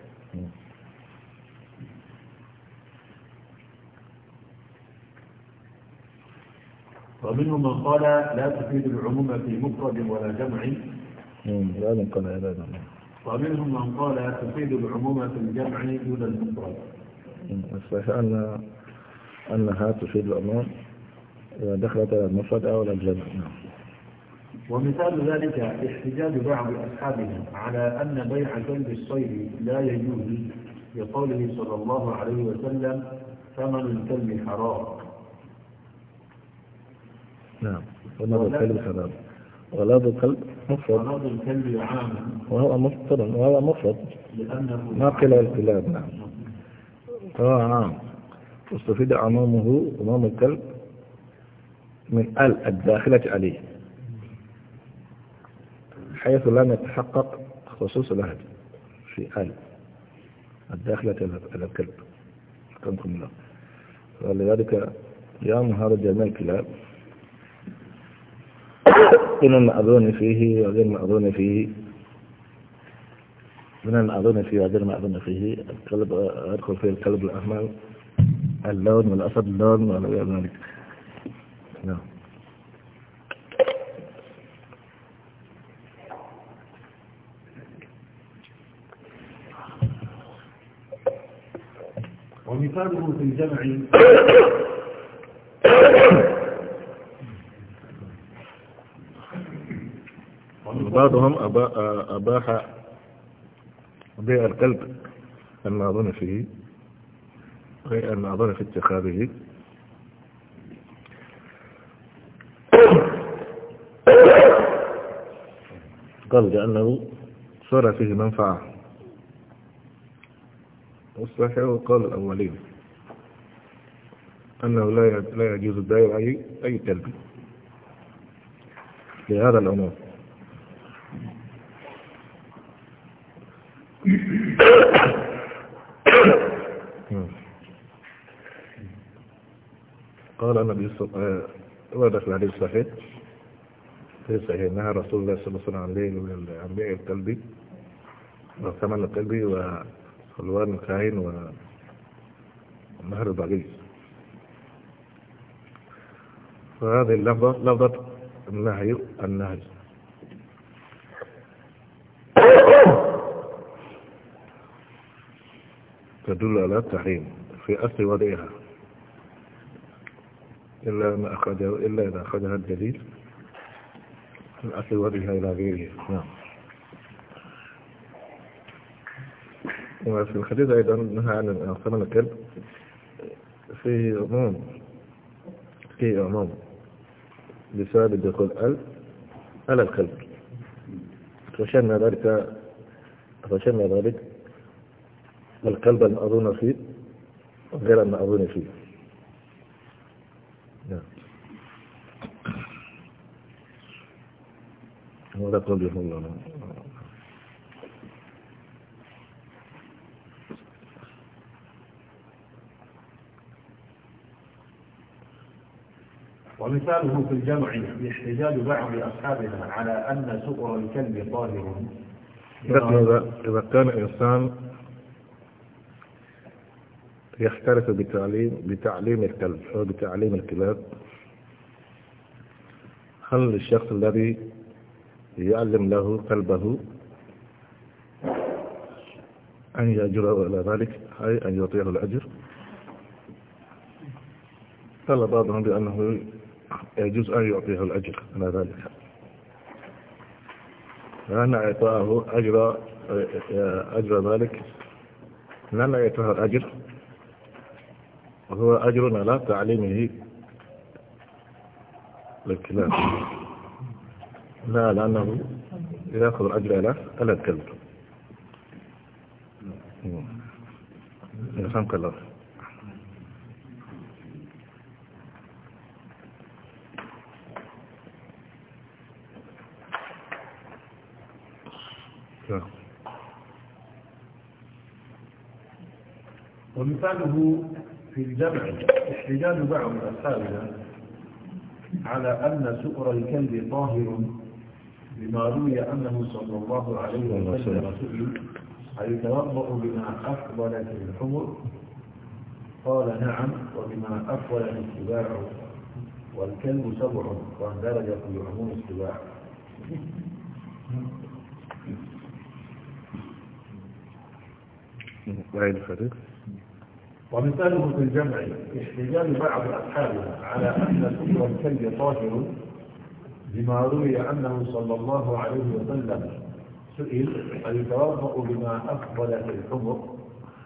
Speaker 2: ومنهم من قال لا تفيد العموم في مفرد ولا جمع لا ننقل إلى جمع ومنهم من قال تفيد العموم في الجمع دون المفرد الصحيح أن أنها تفيد إذا دخلت المفرد أو الجمع نعم ومثال ذلك احتجاج بعض أصحابنا على أن بيع كلب الصيد لا يجوز لقوله صلى الله عليه وسلم ثمن الكلب حرام نعم ثمن الكلب حرام ولد الكلب مفرد ولد الكلب عام وهو مفرد وهو مفرد لأنه ما الكلاب نعم فهو عام آه، نعم. واستفيد عمامه عمام الكلب من ال الداخلة عليه حيث لم يتحقق خصوص العهد في ال الداخلة على الكلب حكمكم الله ولذلك يا مهار جميع الكلاب من *coughs* المأذون فيه وغير المأذون فيه من المأذون فيه وغير المأذون فيه الكلب أدخل فيه الكلب الأحمر اللون والأسد اللون ولا غير ذلك نعم
Speaker 1: ومثاله في الجمع
Speaker 2: بعضهم أباح بيع الكلب أنا أظن فيه غير أظن في اتخاذه قال لأنه صار فيه منفعة والصحيح قال الأولين أنه لا يجوز البيع أي تلبية لهذا العنوان قال النبي صلى الله عليه وسلم آه، في الحديث الصحيح في صحيح نهى رسول الله صلى الله عليه وسلم عن ليل بيع الكلب وثمن الكلب وخلوان الكاهن ومهر البغي فهذه اللفظة لفظة النهي النهي *coughs* تدل على التحريم في أصل وضعها إلا ما أخذه إلا إذا أخذها الدليل الأصل وجهها إلى غيره نعم وفي الحديث أيضا نهى عن ثمن الكلب في عموم في عموم بسبب دخول ال على الكلب فشلنا ذلك فشلنا ذلك الكلب المأذون فيه غير المأذون فيه ولا تغلق
Speaker 1: ومثاله في الجمع
Speaker 2: احتجاج بعض أصحابنا على أن سؤر الكلب طاهر اذا إذا كان إنسان يحترف بتعليم بتعليم الكلب أو بتعليم الكلاب هل الشخص الذي يعلم له قلبه أن يأجره على ذلك أي أن يعطيه الأجر قال بعضهم بأنه يجوز أن يعطيه الأجر على ذلك لأن إعطاءه أجر أجر ذلك لأن إعطاه الأجر وهو أجر على تعليمه للكلاب لا لأنه يأخذ الأجر ألاف ألا تكذب يسامك الله ومثاله في الجمع احتجاج بعض الأساتذة على أن سؤر الكلب طاهر لما روي أنه صلى الله عليه وسلم سئل أيتوضأ بما أفضل في الحمر قال نعم وبما أفضل الاتباع والكلب سبع واندرج في عموم السباع ومثاله في الجمع احتجاج بعض أصحابها على أن سكر الكلب طاهر لما روي عنه صلى الله عليه وسلم سئل أيتوافق بما أقبل في الحمر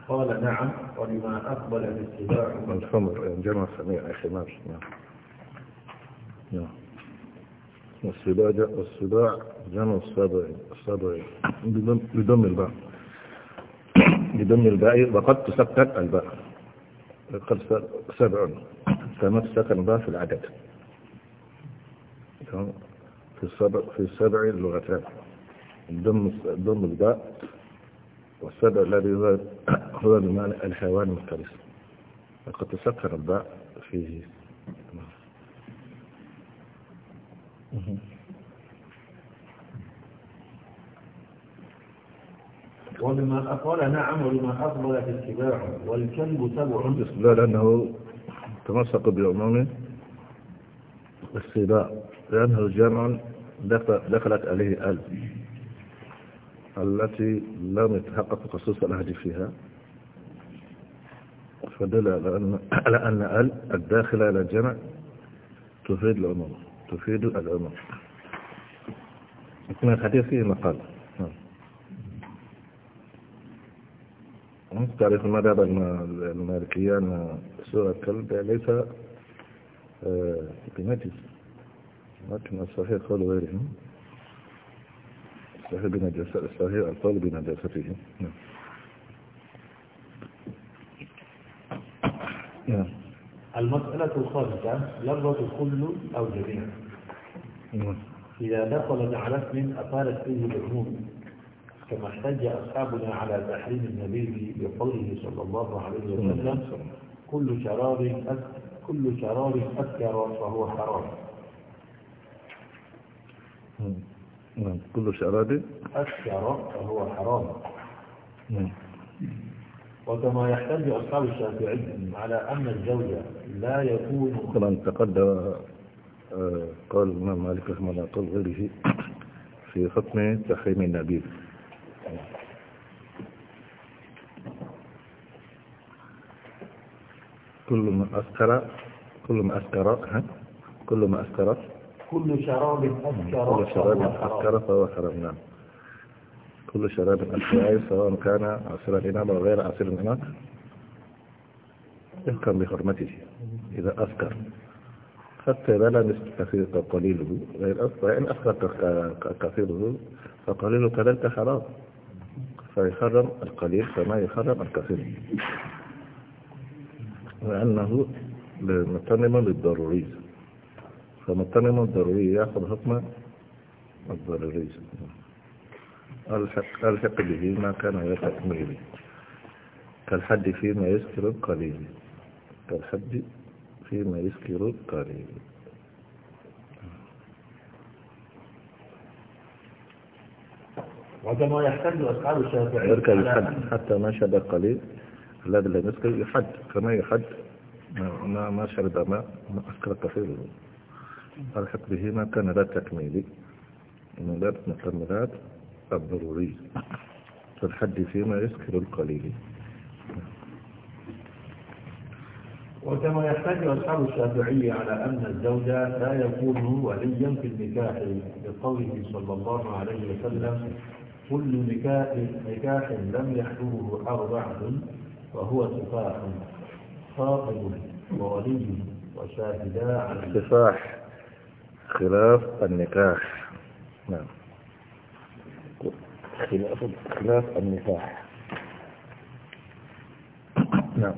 Speaker 2: قال نعم ولما أقبل في السباع الحمر يعني جمع سميع حمار نعم والسباع السباع جمع السباع السبع بضم الباء بضم الباء وقد تسكت الباء قد سبع كما سكن الباء في العدد في السبع في السبع اللغتان ضم ضم الباء والسبع الذي هو بمعنى الحيوان المفترس وقد تسكر الباء فيه ولما قال نعم ولما أقبلت اتباع والكلب سبع لا لأنه تمسك بعمومه السباع لأنه جمع دخلت عليه ألف التي لم يتحقق خصوص العهد فيها فدل على أن ال الداخلة على الجمع تفيد العموم تفيد العموم من الحديث فيه مقال نعم. أنت تعرف المذهب المالكيان سورة الكلب ليس آه، بنجس لكن الصحيح قول غيرهم الصحيح بنجاسة الصحيح القول بنجاستهم نعم المسألة الخامسة لفظة كل أو جميع إذا دخلت على اسم أطالت فيه العموم كما احتج أصحابنا على تحريم النبي بقوله صلى الله عليه وسلم كل شراب كل شراب أسكر فهو حرام نعم، كل شراب الشراب فهو حرام نعم. وكما يحتج أصحاب الشافعي على أن الزوجة لا يكون كما تقدم آه، قال الإمام مالك رحمه الله قال غيره في حكم تحريم النبيذ كل ما أسكر كل ما أسكر كل ما أسكرت
Speaker 1: كل شراب
Speaker 2: أسكر كل شراب أسكر فهو حرام نعم كل شراب أسكر سواء كان عصير الإنام أو غير عصير الإنام يحكم بحرمته إذا أسكر حتى لم نستفيد قليله وإن أسكر كثيره فقليله كذلك حرام فيحرم القليل كما يحرم الكثير لأنه متنما للضروري فمتمم الضروري يأخذ حكم الضروري الحق, الحق به ما كان يلحق به كالحد فيما يسكر القليل كالحد فيما يسكر القليل وهذا يحتل يحتج أصحاب يركب الحد حتى ما شد القليل الذي لم يسكر يحد كما يحد ما شرب ما أسكر كثير ألحق بهما كان لا تكميلي من باب المكملات الضرورية فالحد فيما يسكر القليل وكما يحتاج أصحاب الشافعية على أن الزوجة لا يكون وليا في النكاح لقوله صلى الله عليه وسلم كل نكاح نكاح لم يحضره أربعة وهو سفاح خاطب وولي وشاهدا على السفاح خلاف النكاح نعم خلاف النكاح نعم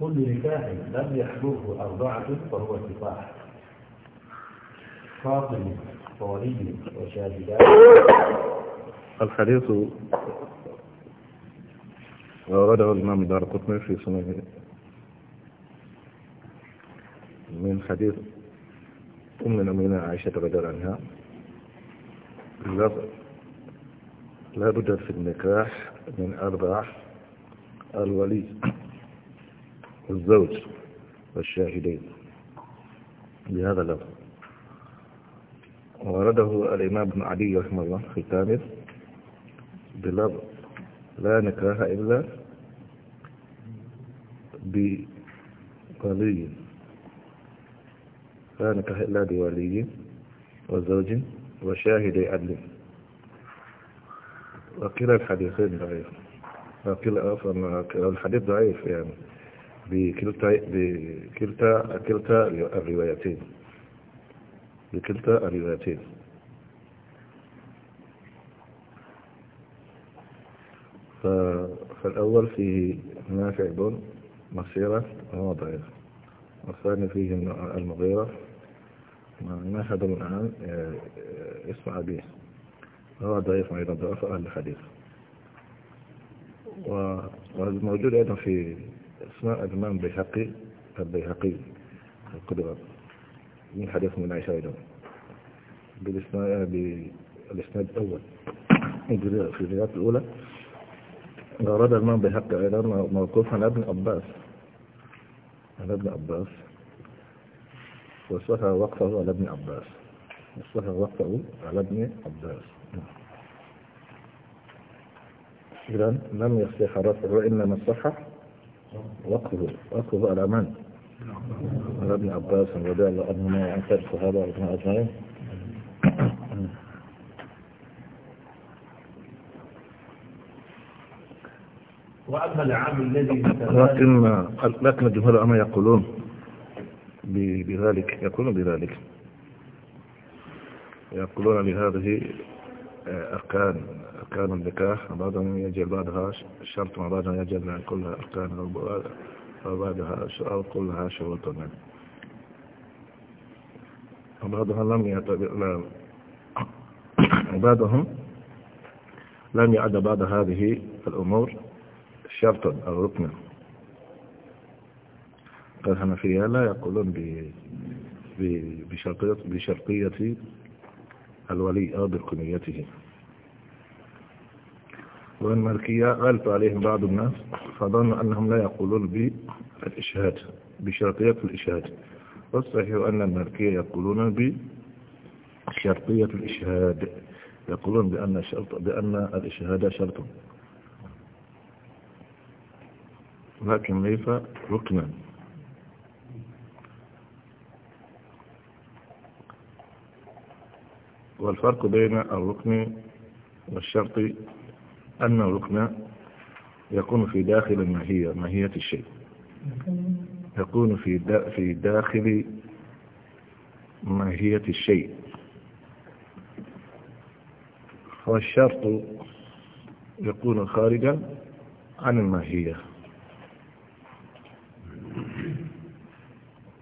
Speaker 2: كل نكاح لم يحضره أربعة فهو كفاح فاطم وولي وشاهدان الحديث ورده الإمام دار قطني في سنه من حديث أم المؤمنين عائشة رضي الله عنها لا بد في النكاح من أربع الولي والزوج والشاهدين بهذا اللفظ ورده الإمام ابن علي رحمه الله في التامر بلفظ لا نكاح إلا بولي فلا نكاح إلا بولي وزوج وشاهد عدل وقيل الحديثين ضعيف وقيل الحديث ضعيف يعني بكلتا بكلتا كلتا الروايتين بكلتا الروايتين فالأول فيه نافع بن مسيرة وهو ضعيف والثاني فيه المغيرة ما حضر الآن آه، اسمع به هو ضعيف أيضا ضعف أهل الحديث والموجود أيضا في اسماء الإمام بيهقي البيهقي القدرة من حديث من عائشة أيضا بالإسناد الأول في الروايات الأولى أراد الإمام بيهقي أيضا موقوفا عن ابن عباس عن ابن عباس وصفى وقفه على ابن عباس وصفى وقفه على ابن عباس إذا لم يصح رفعه وإنما صح وقفه وقفه على من؟ على ابن عباس رضي الله عنهما وعن خير الصحابة أجمعين وأما العام الذي لكن لكن جمهور الأمة يقولون بذلك يقولون بذلك يقولون بهذه آه، أركان أركان النكاح بعضهم يجعل بعدها شرط وبعضهم يجعل كل أركان وبعدها أو كلها شروطا وبعضهم لم يعتبر وبعضهم لم يعد بعد هذه الأمور شرطا أو ركنا فالهنفية لا يقولون بشرقية, بشرقية الولي أو بركنيته والمالكية غلط عليهم بعض الناس فظنوا أنهم لا يقولون بالإشهاد بشرقية الإشهاد والصحيح أن المالكية يقولون بشرقية الإشهاد يقولون بأن, شرط بأن الإشهاد شرط لكن ليس ركنا والفرق بين الركن والشرط أن الركن يكون في داخل ماهية ماهية الشيء يكون في في داخل ماهية الشيء والشرط يكون خارجا عن الماهية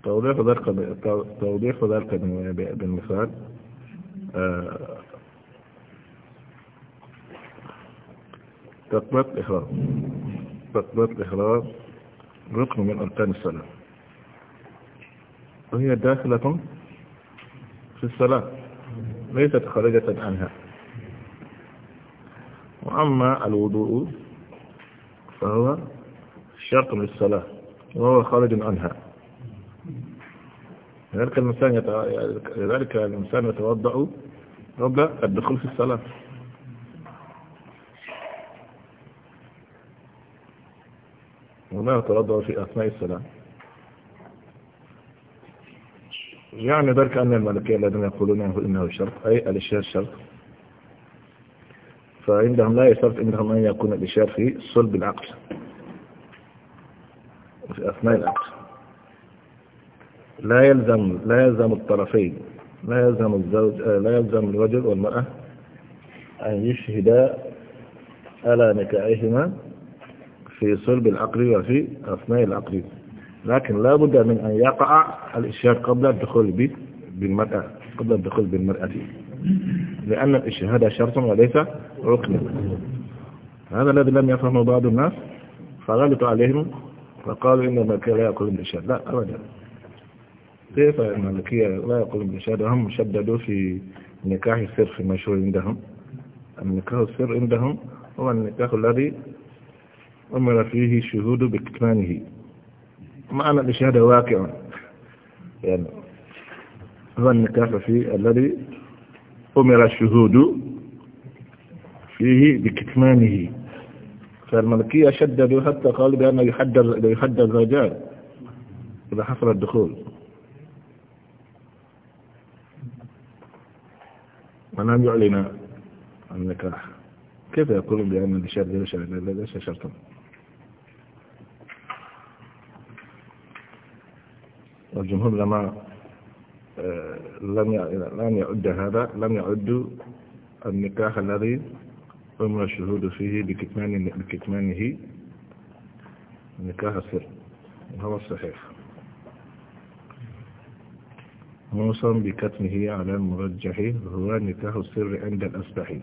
Speaker 2: توضيح ذلك توضيح ذلك بالمثال آه، تقبيط الإحرام تقبيط الإحرام ركن من أركان الصلاة وهي داخلة في الصلاة ليست خارجة عنها وأما الوضوء فهو شرط للصلاة وهو خارج عنها لذلك الإنسان يتوضأ قبل الدخول في الصلاة وما يترضى في أثناء الصلاة يعني ذلك أن الملكية الذين يقولون إنه شرط أي الإشهار شرط فعندهم لا يشترط عندهم أن يكون الإشهار في صلب العقل وفي أثناء العقل لا يلزم لا يلزم الطرفين لا يلزم الزوج آه، لا يلزم الرجل والمرأة أن يشهدا على نكاحهما في صلب العقل وفي أثناء العقل لكن لا بد من أن يقع الإشهاد قبل الدخول بالمرأة قبل الدخول بالمرأة لأن الإشهاد شرط وليس ركنا هذا الذي لم يفهمه بعض الناس فغلطوا عليهم فقالوا إنما كان لا يأكل الإشهاد لا أبدا كيف المالكية لا يقولون بشهادة هم شددوا في نكاح السر في مشهور عندهم النكاح السر عندهم هو النكاح الذي أمر فيه الشهود بكتمانه معنى بشهادة واقع يعني هو النكاح فيه الذي أمر الشهود فيه بكتمانه فالملكية شددوا حتى قالوا بأنه يحدد يحدد الزوجات إذا حصل الدخول من أن يعلن النكاح كيف يقول بأن الشرط ليس ليس شرطا والجمهور لما لم لم يعد هذا لم يعد النكاح الذي أمر الشهود فيه بكتمان بكتمانه نكاح السر وهو الصحيح موصى بكتمه على المرجح هو نكاح السر عند الأسبحي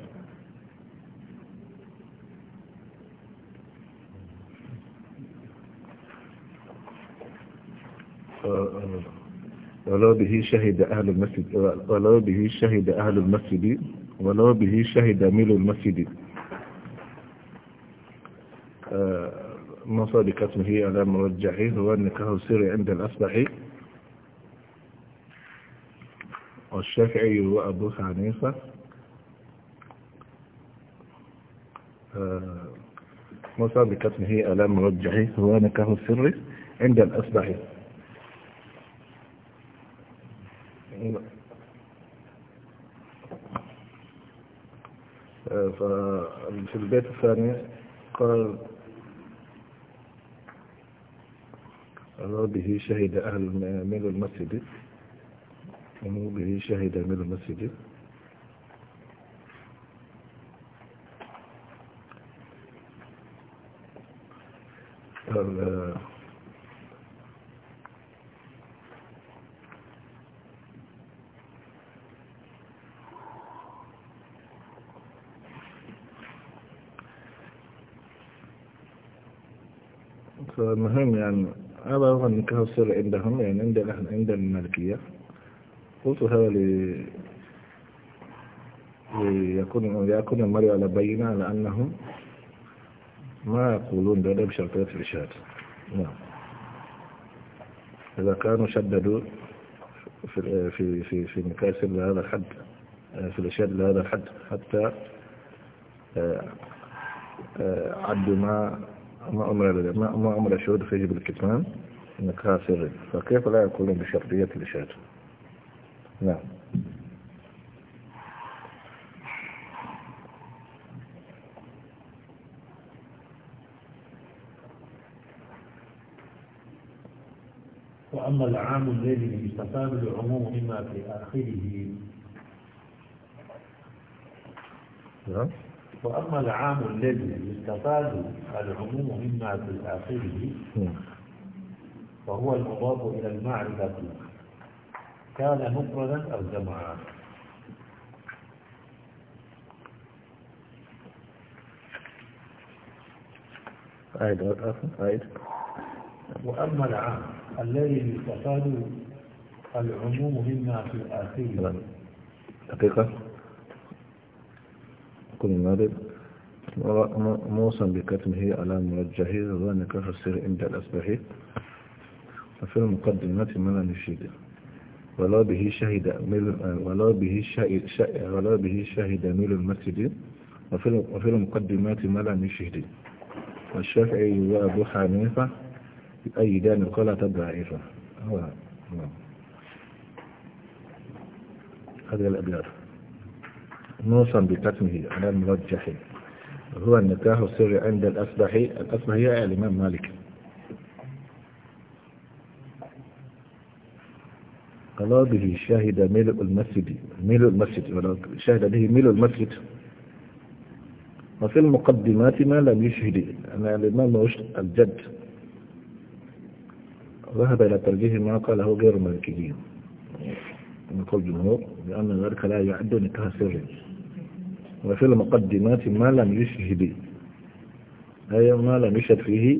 Speaker 2: ولو به شهد أهل المسجد ولو به شهد أهل المسجد ولو به شهد ميل المسجد موصى بكتمه على المرجح هو نكاح السر عند الأسبحي والشافعي وأبو حنيفة آه، مصاب بكتمه ألام مرجعي هو نكاه سري عند الأصبعي آه، في البيت الثاني قال به شهد أهل من المسجد قاموا به شهد من المسجد فالمهم آه، يعني هذا هو النكاح السر عندهم يعني عند عند الملكيه قلت هذا لي ليكون ليكون المرء على بينة لأنهم ما يقولون ذلك بشرطية الإشهاد نعم إذا كانوا شددوا في في في في مكاسب لهذا الحد في الإشهاد لهذا الحد حتى آه، عدوا ما ما أمر ما أمر الشهود فيه بالكتمان نكاسر فكيف لا يقولون بشرطية الإشهاد؟ نعم وأما العام الذي يستفاد العموم مما في آخره نعم وأما العام الذي يستفاد العموم مما في آخره نعم. فهو المضاف إلى المعرفة كان مفردا أو جمعا أعيد أعيد آية. وأما العام الذي يستفاد العموم مما في الآخير دقيقة كل مارد موصا بكتمه على مرجحه ظن كفر السر عند الأسبحي ففي المقدمة من النشيد ولا به شهد ولا به ولا به شهد ميل المسجد وفي المقدمات ما لم يشهد والشافعي وأبو حنيفة أي يؤيدان القولة ضعيفة هو هذا الابيات نوصا بكتمه على المرجح هو النكاح السري عند الأصبحي الأصبحي الإمام مالك قال به شهد ملء المسجد ملء المسجد شهد به ملء المسجد وفي المقدمات ما لم يشهد أنا الإمام رشد الجد ذهب إلى ترجيح ما قاله غير مالكيين كل الجمهور لأن ذلك لا يعد نكاح سري وفي المقدمات ما لم يشهد أي ما لم يشهد فيه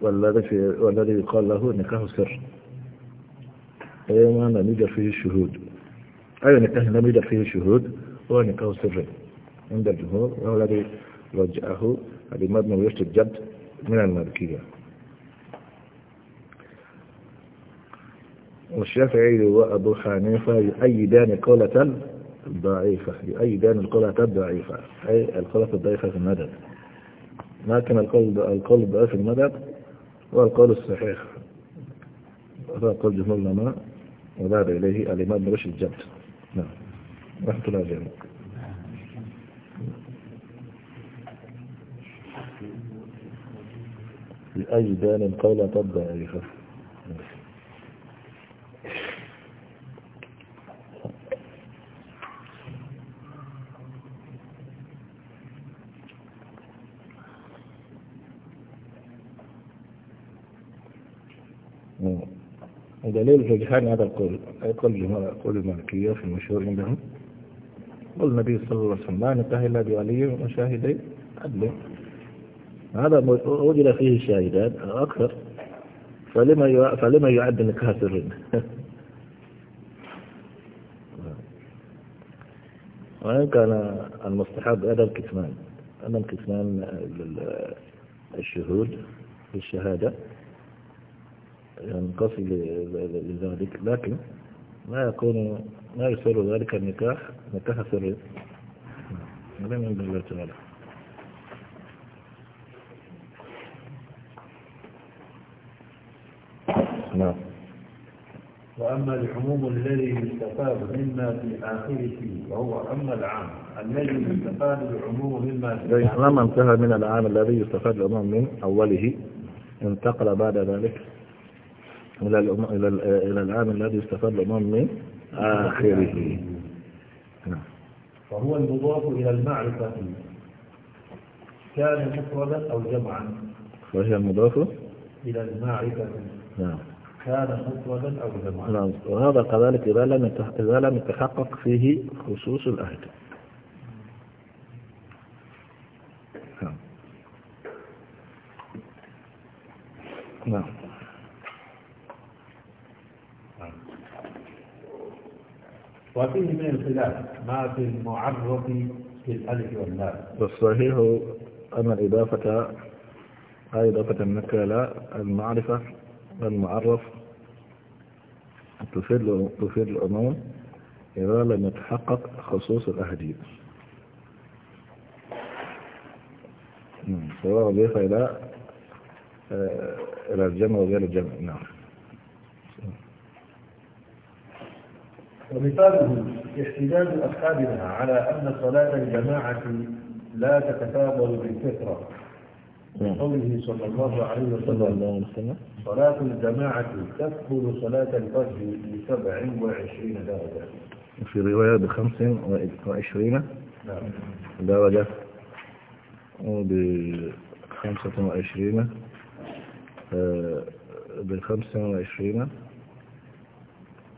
Speaker 2: والذي والذي يقال له نكاح سر فما لم فيه الشهود أي نكاح لم فيه الشهود هو نكاح سري عند الجمهور وهو الذي وجهه هذه بن ويشت الجد من المالكية والشافعي وأبو حنيفة يؤيدان قولة ضعيفة يؤيدان القولة الضعيفة أي القولة الضعيفة في المدد لكن القول القول الضعيف في المدد هو القول الصحيح هذا قول جمهور وذهب إليه الإمام بن رشد الجبد نعم رحمة الله جميعا لأي لأجدان قولا تبدأ أيها ودليل جهان هذا القول يقول قول المالكية في المشهور عندهم والنبي صلى الله عليه وسلم لا نتهي إلا بولي وشاهدي عدل هذا وجد فيه شاهدان أكثر فلما فلما يعد نكاح سرا وإن كان المستحب هذا الكتمان أما الكتمان للشهود بالشهادة ينقصي لذلك لكن ما يكون ما يسر ذلك النكاح نكاح سري لم عند الله تعالى نعم
Speaker 1: وأما العموم الذي
Speaker 2: يستفاد مما في آخره وهو أما العام الذي يستفاد العموم مما في لما انتهى من العام الذي يستفاد العموم من أوله انتقل بعد ذلك إلى إلى إلى العام الذي استفاد الإمام من آخره نعم فهو المضاف إلى المعرفة كان مفردا أو جمعا وهي المضاف إلى المعرفة نعم كان مفردا أو جمعا نعم وهذا كذلك إذا لم إذا لم يتحقق فيه خصوص الأهل نعم, نعم. وفيه من الخلاف ما في المعرف في الألف واللام والصحيح أن الإضافة هاي إضافة النكرة لا المعرفة المعرف تفيد تفيد الأمور إذا لم يتحقق خصوص الأهديد نعم، سواء أضيف إلى آه، إلى الجمع وغير الجمع نعم ومثاله احتجاج أصحابنا على أن صلاة الجماعة لا تتفاضل بالكثرة قوله صلى الله عليه وسلم صلاة الجماعة تكفل صلاة الفجر ب وعشرين درجة وفي رواية بخمس وعشرين نعم. درجة وبخمسة وعشرين آه، ب وعشرين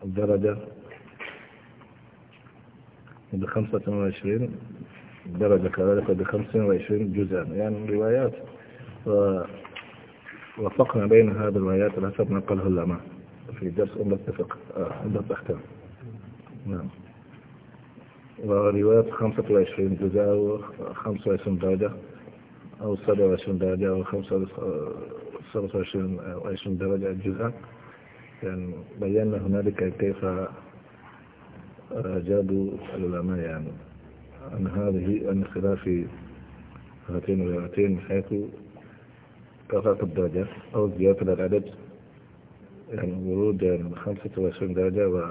Speaker 2: درجة ب 25 درجة كذلك ب 25 جزءا يعني روايات وفقنا بين هذه الروايات التي نقله العلماء في درس أمة الفقه آه، أمة الأحكام نعم وروايات 25 جزء أو 25 درجة أو 27 درجة أو 25 درجة جزء يعني بينا هنالك كيف أجابوا العلماء يعني عن هذه عن خلاف هاتين الروايتين من حيث كفاءة الدرجة أو زيادة العدد يعني ورود يعني 25 درجة و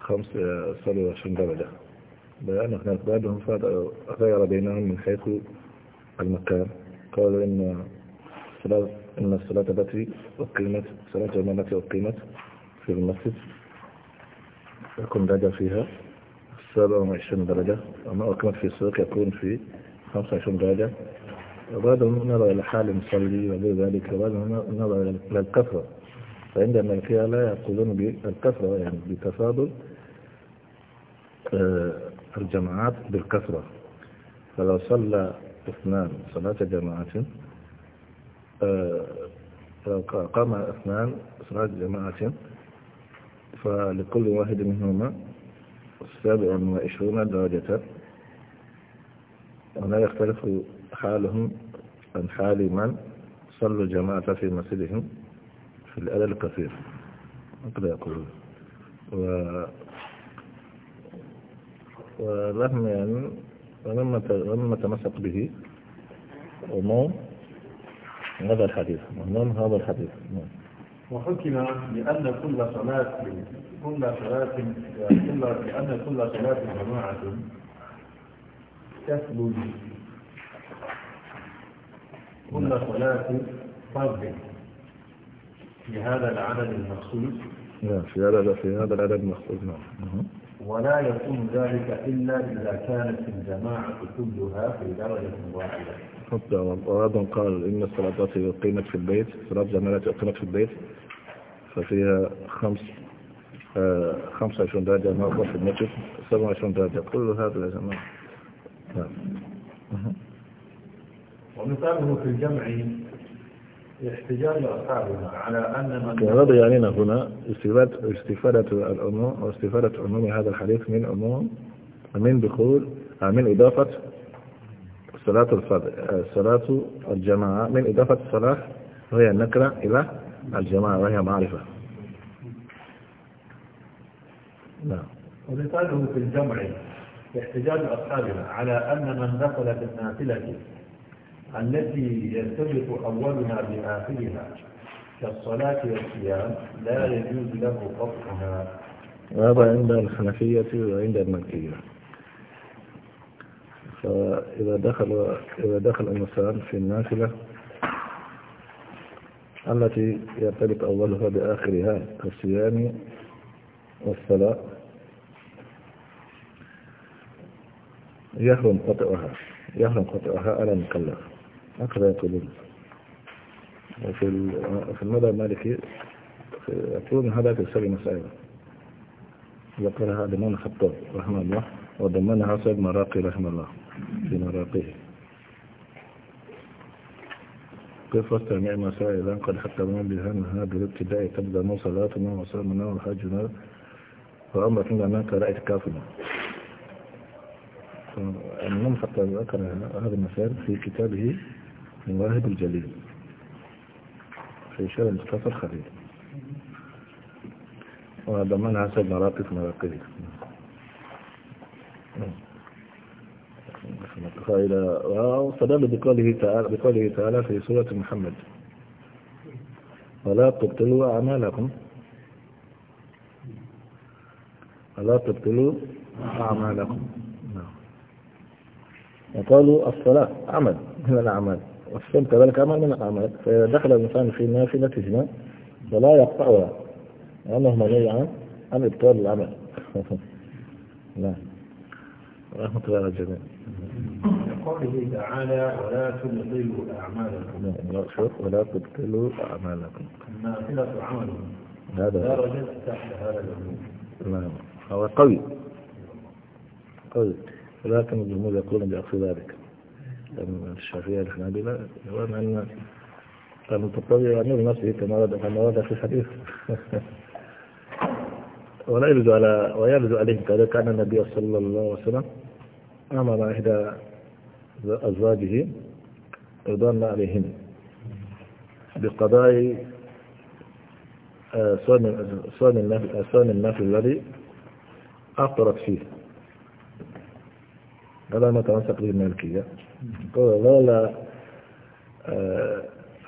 Speaker 2: 25 درجة لأن هناك بعضهم غير بينهم من حيث المكان قالوا إن الصلاة إن التي أقيمت صلاة التي أقيمت في المسجد يكون درجة فيها 27 درجة أما أكمل في السوق يكون في 25 درجة وبعد نظر إلى حال المصلي وغير ذلك وبعد نظر إلى الكثرة فعند الملكية لا يقولون بالكثرة يعني بتفاضل آه، الجماعات بالكثرة فلو صلى اثنان صلاة جماعة آه، لو قام اثنان صلاة جماعة فلكل واحد منهما سبع وعشرون درجة ولا يختلف حالهم عن حال من صلوا جماعة في مسجدهم في الأذى الكثير هكذا يقولون و ولهم يعني ولما لما تمسك به ونوم هذا الحديث ونوم هذا الحديث نعم, نعم. وحكم لأن كل صلاة كل صلاة كل لأن كل صلاة جماعة تسجد كل صلاة فرد في هذا العدد المخصوص نعم في هذا في هذا العدد المخصوص نعم ولا يكون ذلك إلا إذا كانت الجماعة كلها في درجة واحدة وأيضا قال إن الصلاة التي أقيمت في البيت صلاة الجماعة التي أقيمت في البيت ففيها خمس آه 25 درجة هو في المسجد 27 درجة كل هذا يا جماعة نعم ومثاله في الجمع احتجاج أصحابنا على أن من يعني علينا هنا استفادة استفادة الأمور واستفادة عموم هذا الحديث من عموم من دخول من إضافة صلاة الفرد صلاة الجماعة من إضافة الصلاة وهي النكرة إلى الجماعة وهي معرفة نعم ومثاله في الجمع احتجاج أصحابنا على أن من دخل في النافلة التي يرتبط أولها بآخرها كالصلاة والصيام لا يجوز له قطعها هذا عند الحنفية وعند المالكية فإذا دخل إذا دخل الإنسان في النافلة التي يرتبط أولها بآخرها كالصيام والصلاة يحرم قطعها يحرم قطعها على المكلف هكذا يقولون وفي في المذهب المالكي يقولون هذا في سبع مسائل ذكرها الإمام الخطاب رحمه الله وضمنها سيد مراقي رحمه الله في مراقيه كيف استمع مسائل قد حتى من هذا الابتداء تبدا صلاتنا وصومنا وحجنا وأما عندما رأيت كافنا الإمام حتى ذكر هذا المسائل في كتابه من واهب الجليل في شارع مصطفى الخليل من حسب مراقف مراقبه إلى واستدل بقوله تعالى بقوله تعالى في سورة محمد ولا تبطلوا أعمالكم ولا تبطلوا أعمالكم نعم. وقالوا الصلاة عمل من الأعمال والصوم كذلك عمل من الأعمال فإذا دخل الإنسان في نافلتهما فلا يقطعها لأنه منهي عن عن إبطال العمل *laughs* نعم رحمة الله على الجميع قوله تعالى ولا تبطلوا أعمالكم نعم. شوف ولا تبطلوا أعمالكم النافلة عملهم هذا درجة تحت هذا العموم نعم هو قوي قوي ولكن الجمهور يقولون بأقصى ذلك الشافعية الحنابلة يرون أن المتطوع أمير نفسه كما ورد كما ورد في الحديث *laughs* ولا يرد على ويرد عليهم كذا كان النبي صلى الله عليه وسلم أمر إحدى أزواجه يضن عليهن بقضاء آه، صوم النفل الذي أفطرت فيه هذا ما تمسك به المالكية قال لولا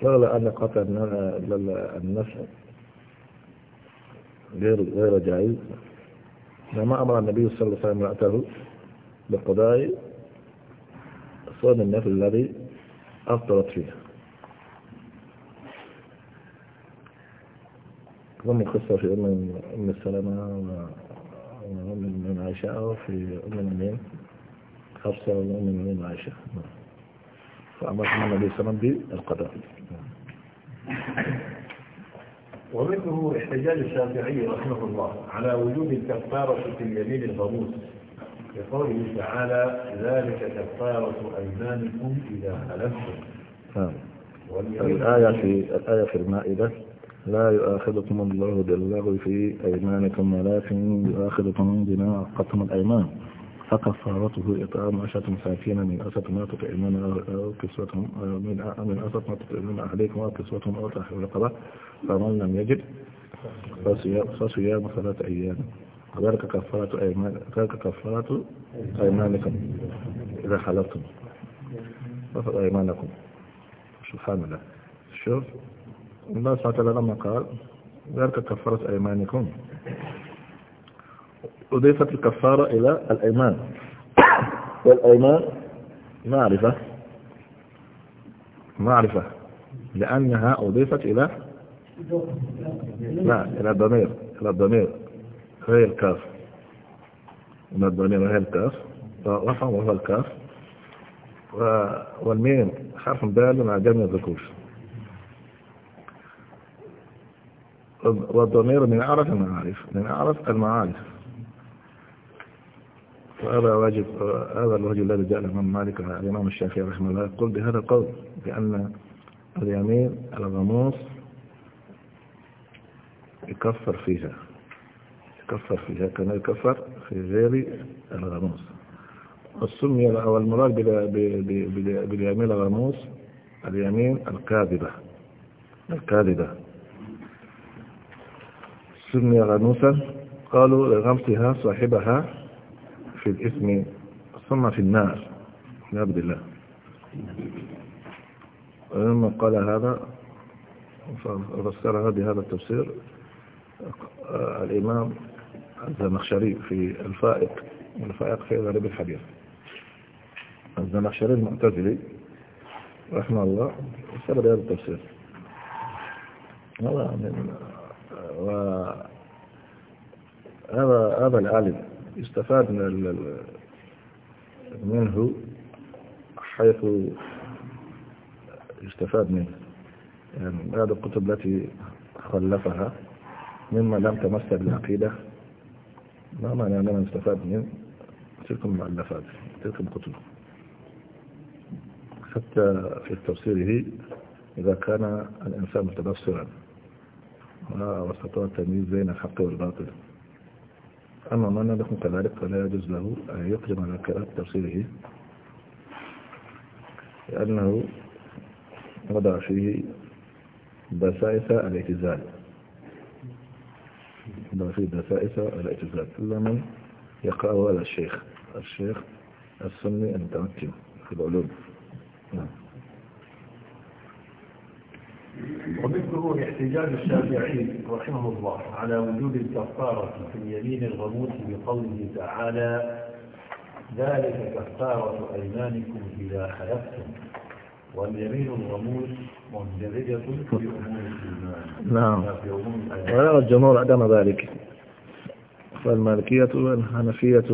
Speaker 2: لولا آه، أن لا النفس غير غير جائز لما أمر النبي صلى الله عليه وسلم أتاه بقضاء صون النفل الذي أفطرت فيه ثم قصة في أم أم السلمة وأم عائشة وفي أم المؤمنين حفصة من عائشة فأمر النبي صلى الله عليه وسلم بالقضاء ومثله احتجاج الشافعي رحمه الله على وجوب الكفارة في اليمين الغموس لقوله تعالى ذلك كفارة أيمانكم إذا حلفتم نعم. الآية في الآية في المائدة لا يؤاخذكم الله باللغو في أيمانكم ولكن يؤاخذكم بما عقدتم الأيمان فكفارته إطعام عشرة مساكين من أسد ما تطعمون أو كسوتهم من من أسد ما تطعمون عليكم أو كسوتهم أو تحرير رقبة فمن لم يجد فصيام ثلاثة أيام وذلك كفارة أيمان ذلك كفارة أيمانكم إذا حلفتم وفق أيمانكم سبحان الله شوف الله سبحانه لما قال ذلك كفارة أيمانكم أضيفت الكفارة إلى الأيمان *coughs* والأيمان معرفة معرفة لأنها أضيفت إلى لا إلى الضمير إلى الضمير غير الكاف من الضمير غير الكاف رفع وهو الكاف والميم حرف دال مع جمع الذكور والضمير من أعرف المعارف من أعرف المعارف وهذا واجب هذا الوجه الذي جاء الإمام مالك الإمام الشافعي رحمه الله يقول بهذا القول بأن اليمين الغموس يكفر فيها يكفر فيها كان يكفر في غير الغموس والسمي أو المراد باليمين الغموس اليمين الكاذبة الكاذبة سمي غنوسا قالوا لغمسها صاحبها في الاسم ثم في النار عبد الله ولما قال هذا فسرها بهذا التفسير الإمام الزمخشري في الفائق الفائق في غريب الحديث الزمخشري المعتزلي رحمه الله فسر بهذا التفسير هذا هذا العالم يستفاد من منه حيث يستفاد منه يعني هذه الكتب التي خلفها مما لم تمس بالعقيدة ما معنى أننا نستفاد من تلك المؤلفات تلك الكتب حتى في تفسيره إذا كان الإنسان متبصرا واستطاع التمييز بين الحق والباطل أما من لم يكن كذلك فلا يجوز له أن يقدم على قراءة تفسيره لأنه وضع فيه بسائس الاعتزال وضع فيه بسائس الاعتزال إلا من يقرأه على الشيخ الشيخ السني المتمكن في العلوم نعم ومثله احتجاج الشافعي رحمه الله على وجود الكفارة في اليمين الغموس بقوله تعالى ذلك كفارة أيمانكم إذا حلفتم واليمين الغموس مندرجة في أمور الإيمان نعم ويرى الجمهور عدم ذلك فالمالكية والحنفية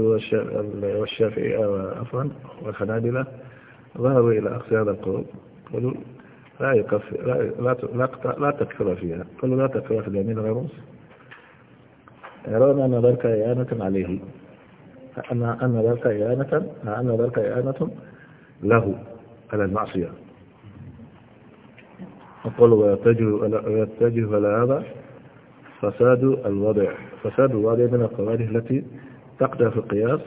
Speaker 2: والشافعية عفوا والحنابلة ذهبوا إلى أخذ هذا القول قالوا لا يكفر لا لا لا تكفر فيها قالوا لا تكفر في اليمين غير مسلم يرون أن ذلك إعانة عليه أن أن ذلك إعانة أن ذلك إعانة له على المعصية قالوا ويتجه ويتجه الى هذا فساد الوضع فساد الوضع من القواعد التي تقدر في القياس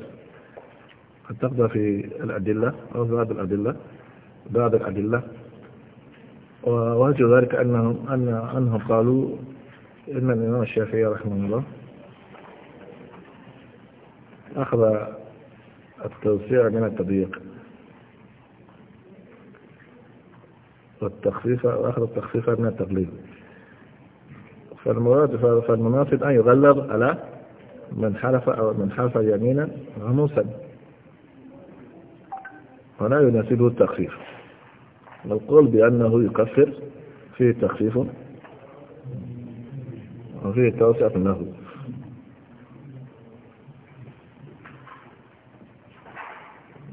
Speaker 2: تقدر في الأدلة أو بعض الأدلة بعض الأدلة ووجه ذلك أنهم, أن أنهم قالوا إن الإمام الشافعي رحمه الله أخذ التوسيع من التضييق والتخفيف وأخذ التخفيف من التقليل فالمراد فالمنافق أن يغلب على من حلف أو من حلف يمينا غموسا ولا يناسبه التخفيف القول بأنه يكفر فيه تخفيف وفيه في النهو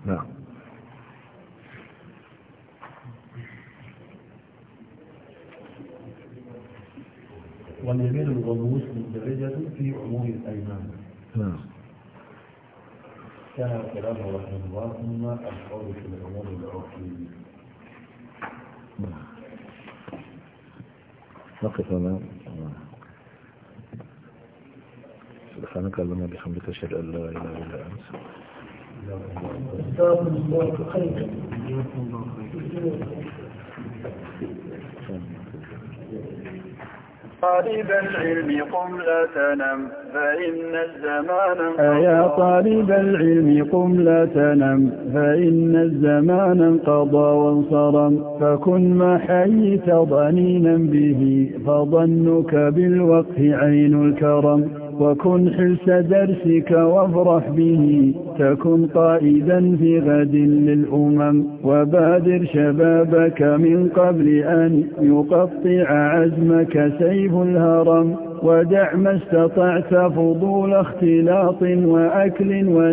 Speaker 2: نعم واليمين الغموس مدرجة في عموم الأيمان نعم كان كلامه رحمه الله ثم القول في العموم العرفي نقف هنا سبحانك اللهم بحمدك أشهد أن لا إله إلا أنت
Speaker 1: جزاكم الله خيرا طالب العلم قم لا تنم فإن الزمان يا طالب العلم قم لا تنم فإن الزمان انقضى وانصرم فكن ما حييت ضنينا به فظنك بالوقت عين الكرم وكن حلس درسك وافرح به تكن قائدا في غد للأمم وبادر شبابك من قبل أن يقطع عزمك سيف الهرم ودع ما استطعت فضول اختلاط وأكل ونوم